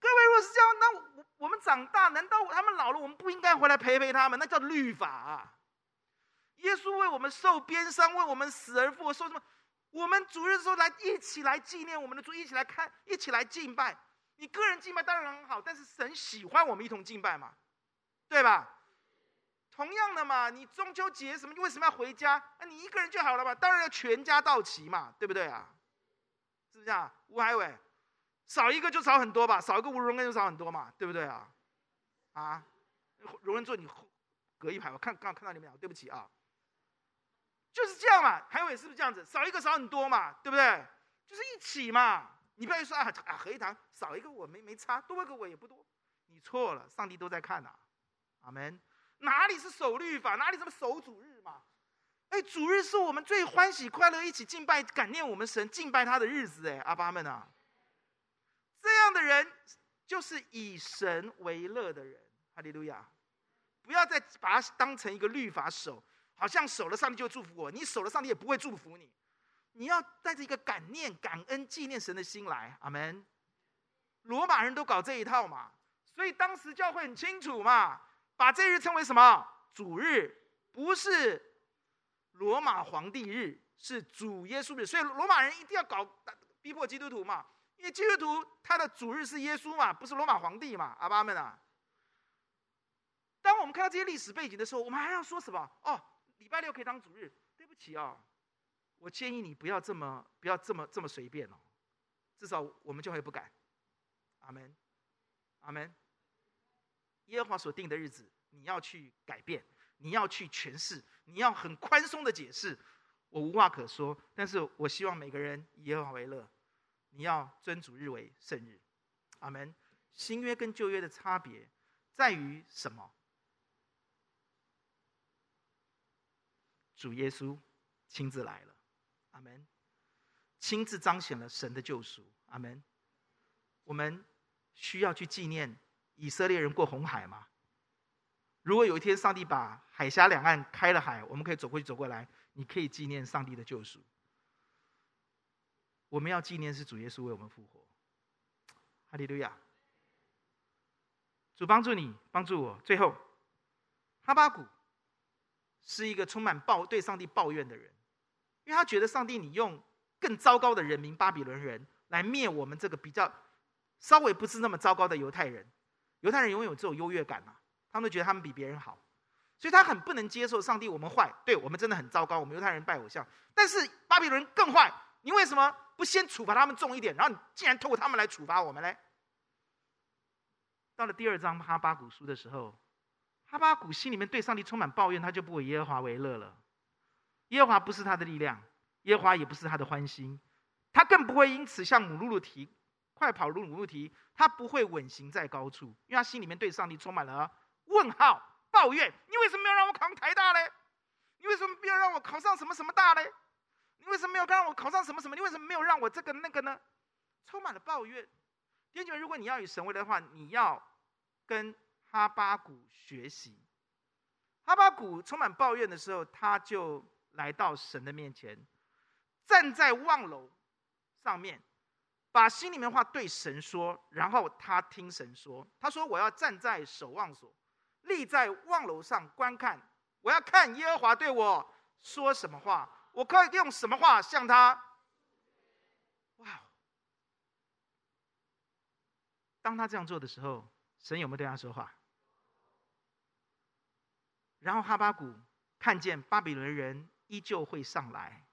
A: 各位如果是這樣，那我我們長大，難道他們老了，我們不應該回來陪陪他們？那叫律法啊！耶穌為我們受鞭傷，為我們死而復活，說什麼？我們主日的時候來一起來紀念我們的主，一起來看，一起來敬拜。你個人敬拜當然很好，但是神喜歡我們一同敬拜嘛，對吧？同樣的嘛，你中秋節什麼？你為什麼要回家？那、啊、你一個人就好了吧？當然要全家到齊嘛，對不對啊？是不是啊？吳海偉，少一個就少很多吧？少一個吳榮恩就少很多嘛，對不對啊？啊，榮恩坐，你隔一排，我看剛、剛看到你們倆，對不起啊。就是這樣嘛，海偉是不是這樣子？少一個少很多嘛，對不對？就是一起嘛，你不要說啊啊，合一堂，少一個我沒沒差，多一個我也不多，你錯了，上帝都在看吶、啊，阿門。哪裡是守律法？哪裡是守主日嘛？哎，主日是我們最歡喜、快樂、一起敬拜、感念我們神、敬拜他的日子。哎，阿爸們啊，這樣的人就是以神為樂的人。哈利路亞！不要再把它當成一個律法守，好像守了上帝就祝福我，你守了上帝也不會祝福你。你要帶着一個感念、感恩、紀念神的心來。阿門。羅馬人都搞這一套嘛，所以當時教會很清楚嘛。把這日稱為什麼？主日，不是羅馬皇帝日，是主耶穌日。所以羅馬人一定要搞逼迫基督徒嘛，因為基督徒他的主日是耶穌嘛，不是羅馬皇帝嘛。阿爸們啊！當我們看到這些歷史背景的時候，我們還要說什麼？哦，禮拜六可以當主日？對不起哦，我建議你不要這麼，不要這麼這麼隨便哦，至少我們教會不敢。阿門，阿門。耶和華所定的日子，你要去改變，你要去詮釋，你要很寬鬆的解釋。我無話可說，但是我希望每個人以耶和華為樂。你要尊主日為聖日。阿門。新約跟舊約的差別在於什麼？主耶穌親自來了，阿門。親自彰顯了神的救贖，阿門。我們需要去紀念。以色列人過紅海嘛？如果有一天上帝把海峽兩岸開了海，我們可以走過去走過來。你可以紀念上帝的救贖。我們要紀念是主耶穌為我們復活。哈利路亞！主幫助你，幫助我。最後，哈巴谷是一個充滿抱對上帝抱怨的人，因為他覺得上帝，你用更糟糕的人民巴比倫人來滅我們這個比較稍微不是那麼糟糕的猶太人。猶太人擁有這種優越感吶，他們都覺得他們比別人好，所以他很不能接受上帝。我們壞，對我們真的很糟糕。我們猶太人拜偶像，但是巴比倫更壞。你為什麼不先處罰他們重一點？然後你竟然透過他們來處罰我們嘞？到了第二章哈巴谷書的時候，哈巴谷心裡面對上帝充滿抱怨，他就不以耶和華為樂了。耶和華不是他的力量，耶和華也不是他的歡心，他更不會因此向母鹿路提，快跑！魯魯提，他不會穩行在高處，因為他心裡面對上帝充滿了問號、抱怨。你為什麼要讓我考上台大嘞？你為什麼不要讓我考上什麼什麼大嘞？你為什麼要讓我考上什麼什麼？你為什麼沒有讓我這個那個呢？充滿了抱怨。弟兄，如果你要與神為的話，你要跟哈巴谷學習。哈巴谷充滿抱怨的時候，他就來到神的面前，站在望樓上面。把心裡面話對神說，然後他聽神說，他說：“我要站在守望所，立在望樓上觀看，我要看耶和華對我說什麼話，我可以用什麼話向他。”哇！當他這樣做的時候，神有沒有對他說話？然後哈巴谷看見巴比倫人依舊會上來。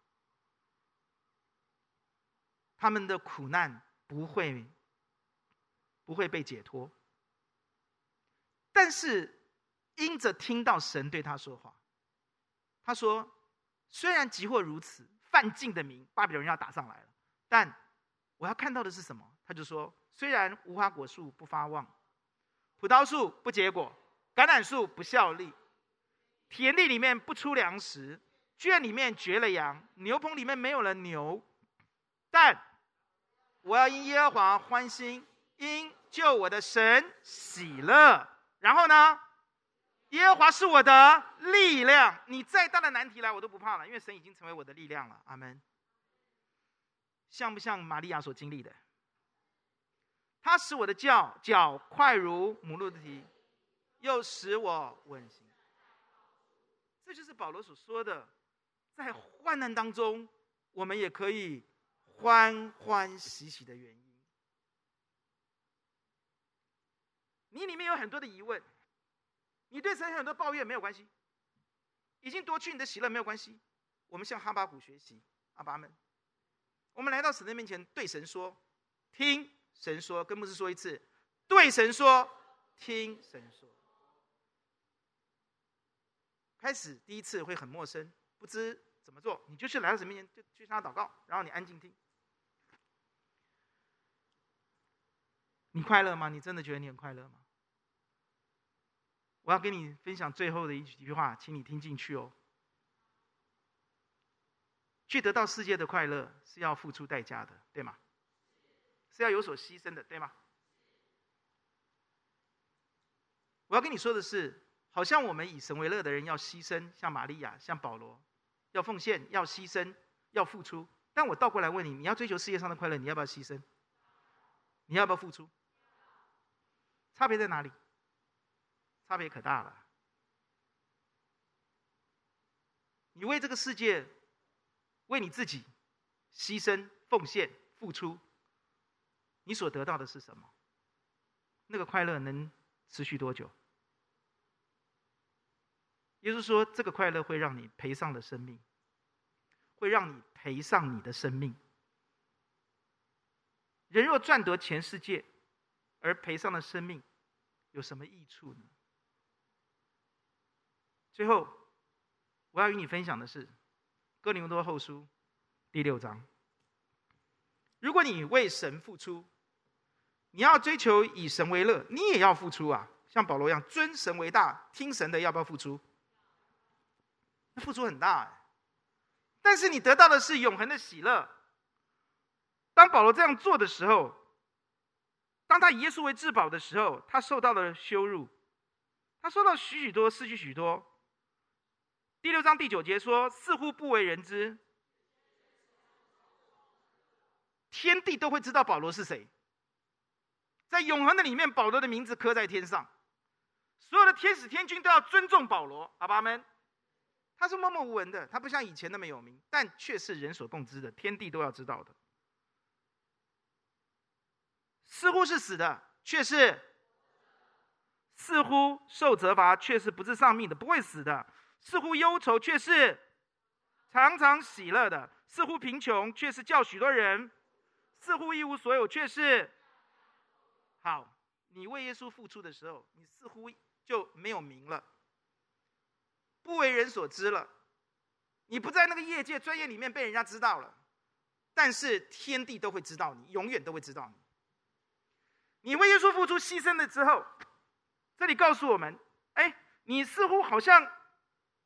A: 他們的苦難不會，不會被解脫。但是因着聽到神對他說話，他說：“雖然即或如此，犯境的名巴比倫要打上來了，但我要看到的是什麼？”他就說：“雖然無花果樹不發旺，葡萄樹不結果，橄欖樹不效力，田地裡面不出糧食，圈裡面絕了羊，牛棚裡面沒有了牛。”但我要因耶和華歡心，因救我的神喜樂。然後呢，耶和華是我的力量，你再大的難題來，我都不怕了，因為神已經成為我的力量了。阿門。像不像瑪利亞所經歷的？他使我的腳腳快如母鹿的蹄，又使我穩行。這就是保羅所說的，在患難當中，我們也可以。歡歡喜喜的原因，你裡面有很多的疑問，你對神有很多抱怨沒有關係，已經奪去你的喜樂沒有關係。我們向哈巴谷學習，阿爸們，我們來到神的面前，對神說，聽神說，跟牧師說一次，對神說，聽神說。開始第一次會很陌生，不知怎麼做，你就是來到神面前，就去向他禱告，然後你安靜聽。你快樂嗎？你真的覺得你很快樂嗎？我要跟你分享最後的一句句話，請你聽進去哦。去得到世界的快樂是要付出代價的，對嗎？是要有所犧牲的，對嗎？我要跟你說的是，好像我們以神為樂的人要犧牲，像瑪利亞、像保羅，要奉獻、要犧牲、要付出。但我倒過來問你，你要追求世界上的快樂，你要不要犧牲？你要不要付出？差別在哪裡？差別可大了。你為這個世界，為你自己，犧牲、奉獻、付出，你所得到的是什麼？那個快樂能持續多久？也就是說，這個快樂會讓你賠上了生命，會讓你賠上你的生命。人若賺得全世界。而賠上了生命，有什麼益處呢？最後，我要與你分享的是《哥林多後書》第六章。如果你為神付出，你要追求以神為樂，你也要付出啊，像保羅一樣尊神為大，聽神的，要不要付出？那付出很大哎，但是你得到的是永恆的喜樂。當保羅這樣做的時候。當他以耶穌為至寶的時候，他受到了羞辱，他受到許許多失去許多。第六章第九節說：“似乎不為人知，天地都會知道保羅是誰。”在永恆的裡面，保羅的名字刻在天上，所有的天使天君都要尊重保羅。阿巴們，門。他是默默無聞的，他不像以前那麼有名，但卻是人所共知的，天地都要知道的。似乎是死的，卻是；似乎受責罰，卻是不致喪命的，不會死的；似乎憂愁，卻是常常喜樂的；似乎貧窮，卻是叫許多人富足的；似乎一無所有，卻是。好，你為耶穌付出的時候，你似乎就沒有名了，不為人所知了，你不在那個業界專業裡面被人家知道了，但是天地都會知道你，永遠都會知道你。你為耶穌付出犧牲了之後，這裡告訴我們：誒，你似乎好像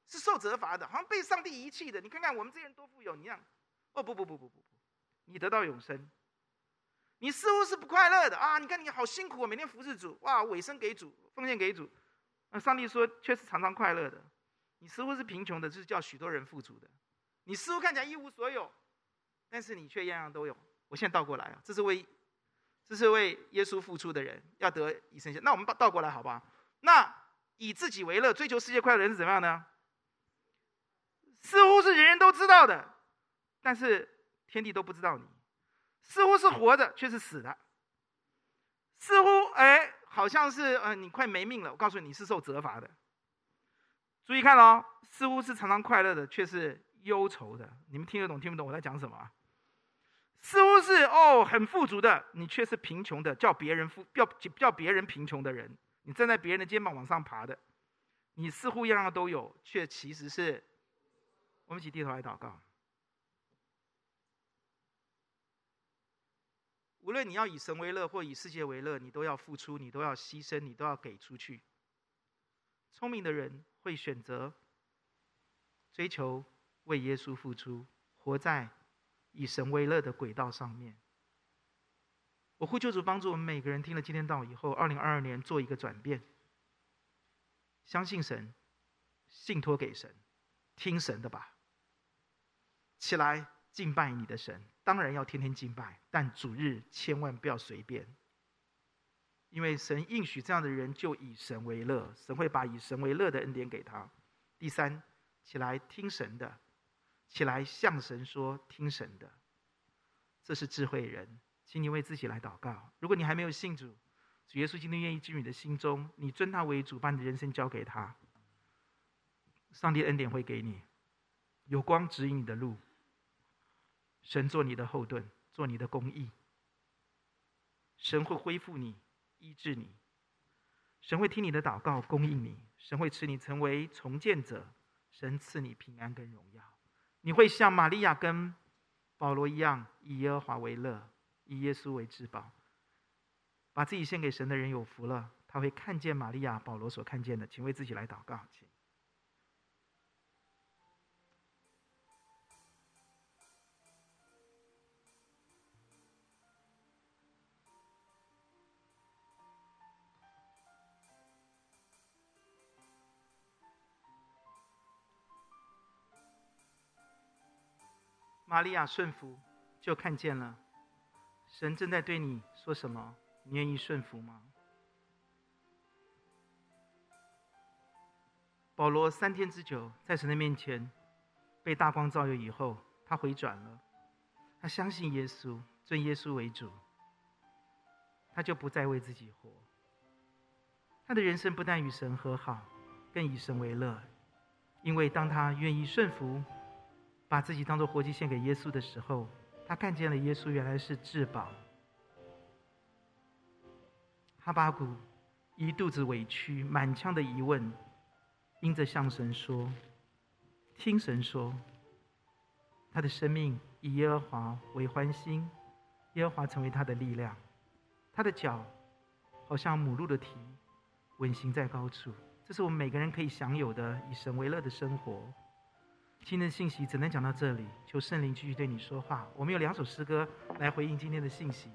A: 是受責罰的，好像被上帝遺棄的。你看看我們這些人多富有，你這樣，哦不不不不不不，你得到永生。你似乎是不快樂的啊！你看你好辛苦啊，每天服侍主，哇，委身給主，奉獻給主。那上帝說，卻是常常快樂的。你似乎是貧窮的，就是叫許多人富足的。你似乎看起來一無所有，但是你卻樣樣都有。我現在倒過來啊，這是為。這是為耶穌付出的人，要得以身謝。那我們把倒過來，好吧？那以自己為樂、追求世界快樂的人是怎麼樣呢？似乎是人人都知道的，但是天地都不知道你。似乎是活着，卻是死的。似乎哎，好像是呃，你快沒命了。我告訴你，你是受責罰的。注意看哦，似乎是常常快樂的，卻是憂愁的。你們聽得懂，聽不懂我在講什麼？似乎是哦，很富足的，你卻是貧窮的，叫別人富，叫叫別人貧窮的人，你站在別人的肩膀，往上爬的，你似乎樣樣都有，卻其實是。我們一起低頭來禱告。無論你要以神為樂或以世界為樂，你都要付出，你都要犧牲，你都要給出去。聰明的人會選擇追求為耶穌付出，活在以神為樂的軌道上面，我呼求主幫助我們每個人聽了今天道以後，二零二二年做一個轉變，相信神，信托給神，聽神的吧。起來敬拜你的神，當然要天天敬拜，但主日千萬不要隨便，因為神應許這樣的人就以神為樂，神會把以神為樂的恩典給他。第三，起來聽神的。起來，向神說：“聽神的，這是智慧人。”請你為自己來禱告。如果你還沒有信主，主耶穌今天願意進你的心中，你尊他為主，把你的人生交給他。上帝恩典會給你，有光指引你的路。神做你的後盾，做你的公義。神會恢復你，醫治你。神會聽你的禱告，供應你。神會賜你成為重建者。神賜你平安跟榮耀。你會像瑪利亞跟保羅一樣，以耶和華為樂，以耶穌為至寶，把自己獻給神的人有福了。他會看見瑪利亞、保羅所看見的。請為自己來禱告，請。瑪利亞順服，就看見了神正在對你說什麼。你願意順服嗎？保羅三天之久在神的面前被大光照耀以後，他回轉了，他相信耶穌，尊耶穌為主，他就不再為自己活。他的人生不但與神和好，更以神為樂，因為當他願意順服。把自己當作活祭獻給耶穌的時候，他看見了耶穌原來是至寶。哈巴谷一肚子委屈，滿腔的疑問，因着向神說，聽神說，他的生命以耶和華為歡欣，耶和華成為他的力量，他的腳好像母鹿的蹄，穩行在高處。這是我們每個人可以享有的以神為樂的生活。今天的信息只能講到這裡，求聖靈繼續對你說話。我們有兩首詩歌來回應今天的信息。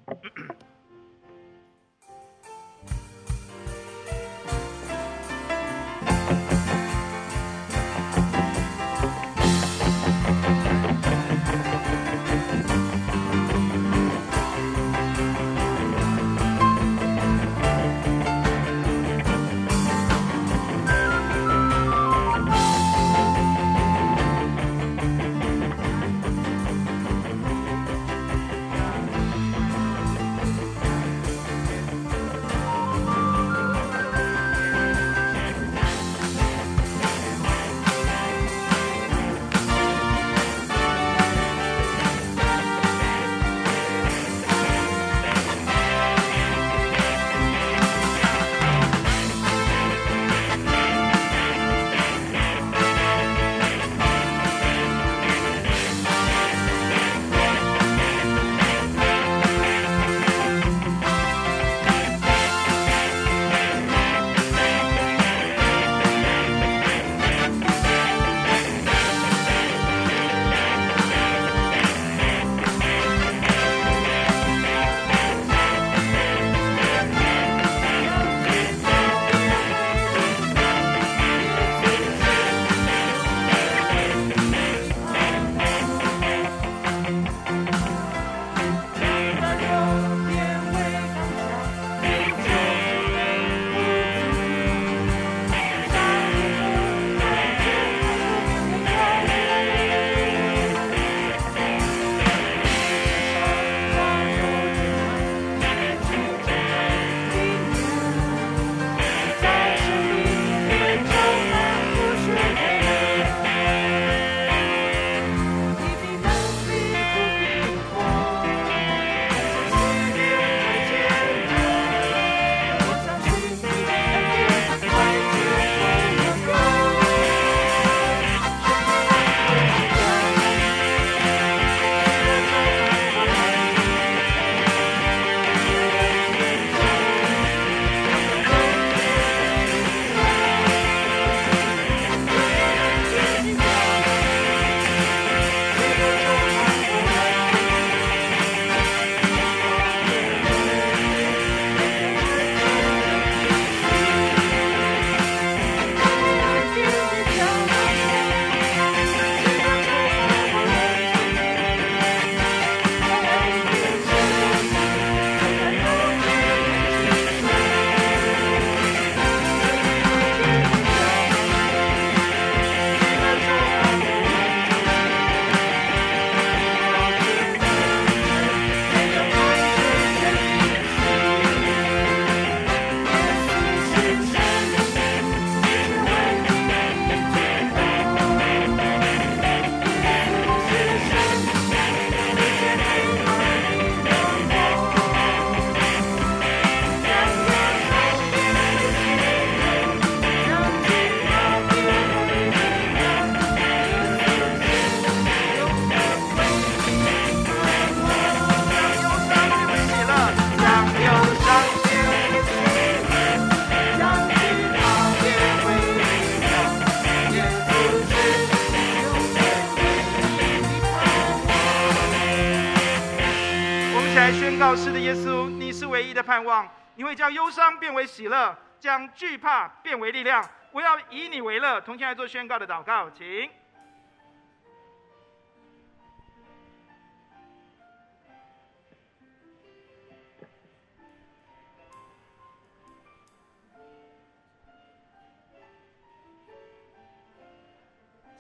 A: 盼望你會將憂傷變為喜樂，將懼怕變為力量。我要以你為樂，同天來做宣告的禱告，請。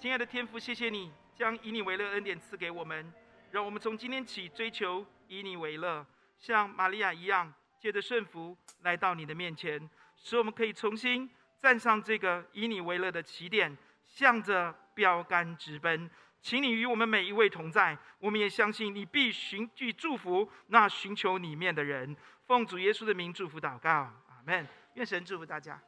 A: 親愛的天父，謝謝你將以你為樂恩典賜給我們，讓我們從今天起追求以你為樂，像瑪利亞一樣。藉著順服來到你的面前，使我們可以重新站上這個以你為樂的起點，向着標杆直奔。請你與我們每一位同在，我們也相信你必尋去祝福那尋求你面的人。奉主耶穌的名祝福禱告，阿門。願神祝福大家。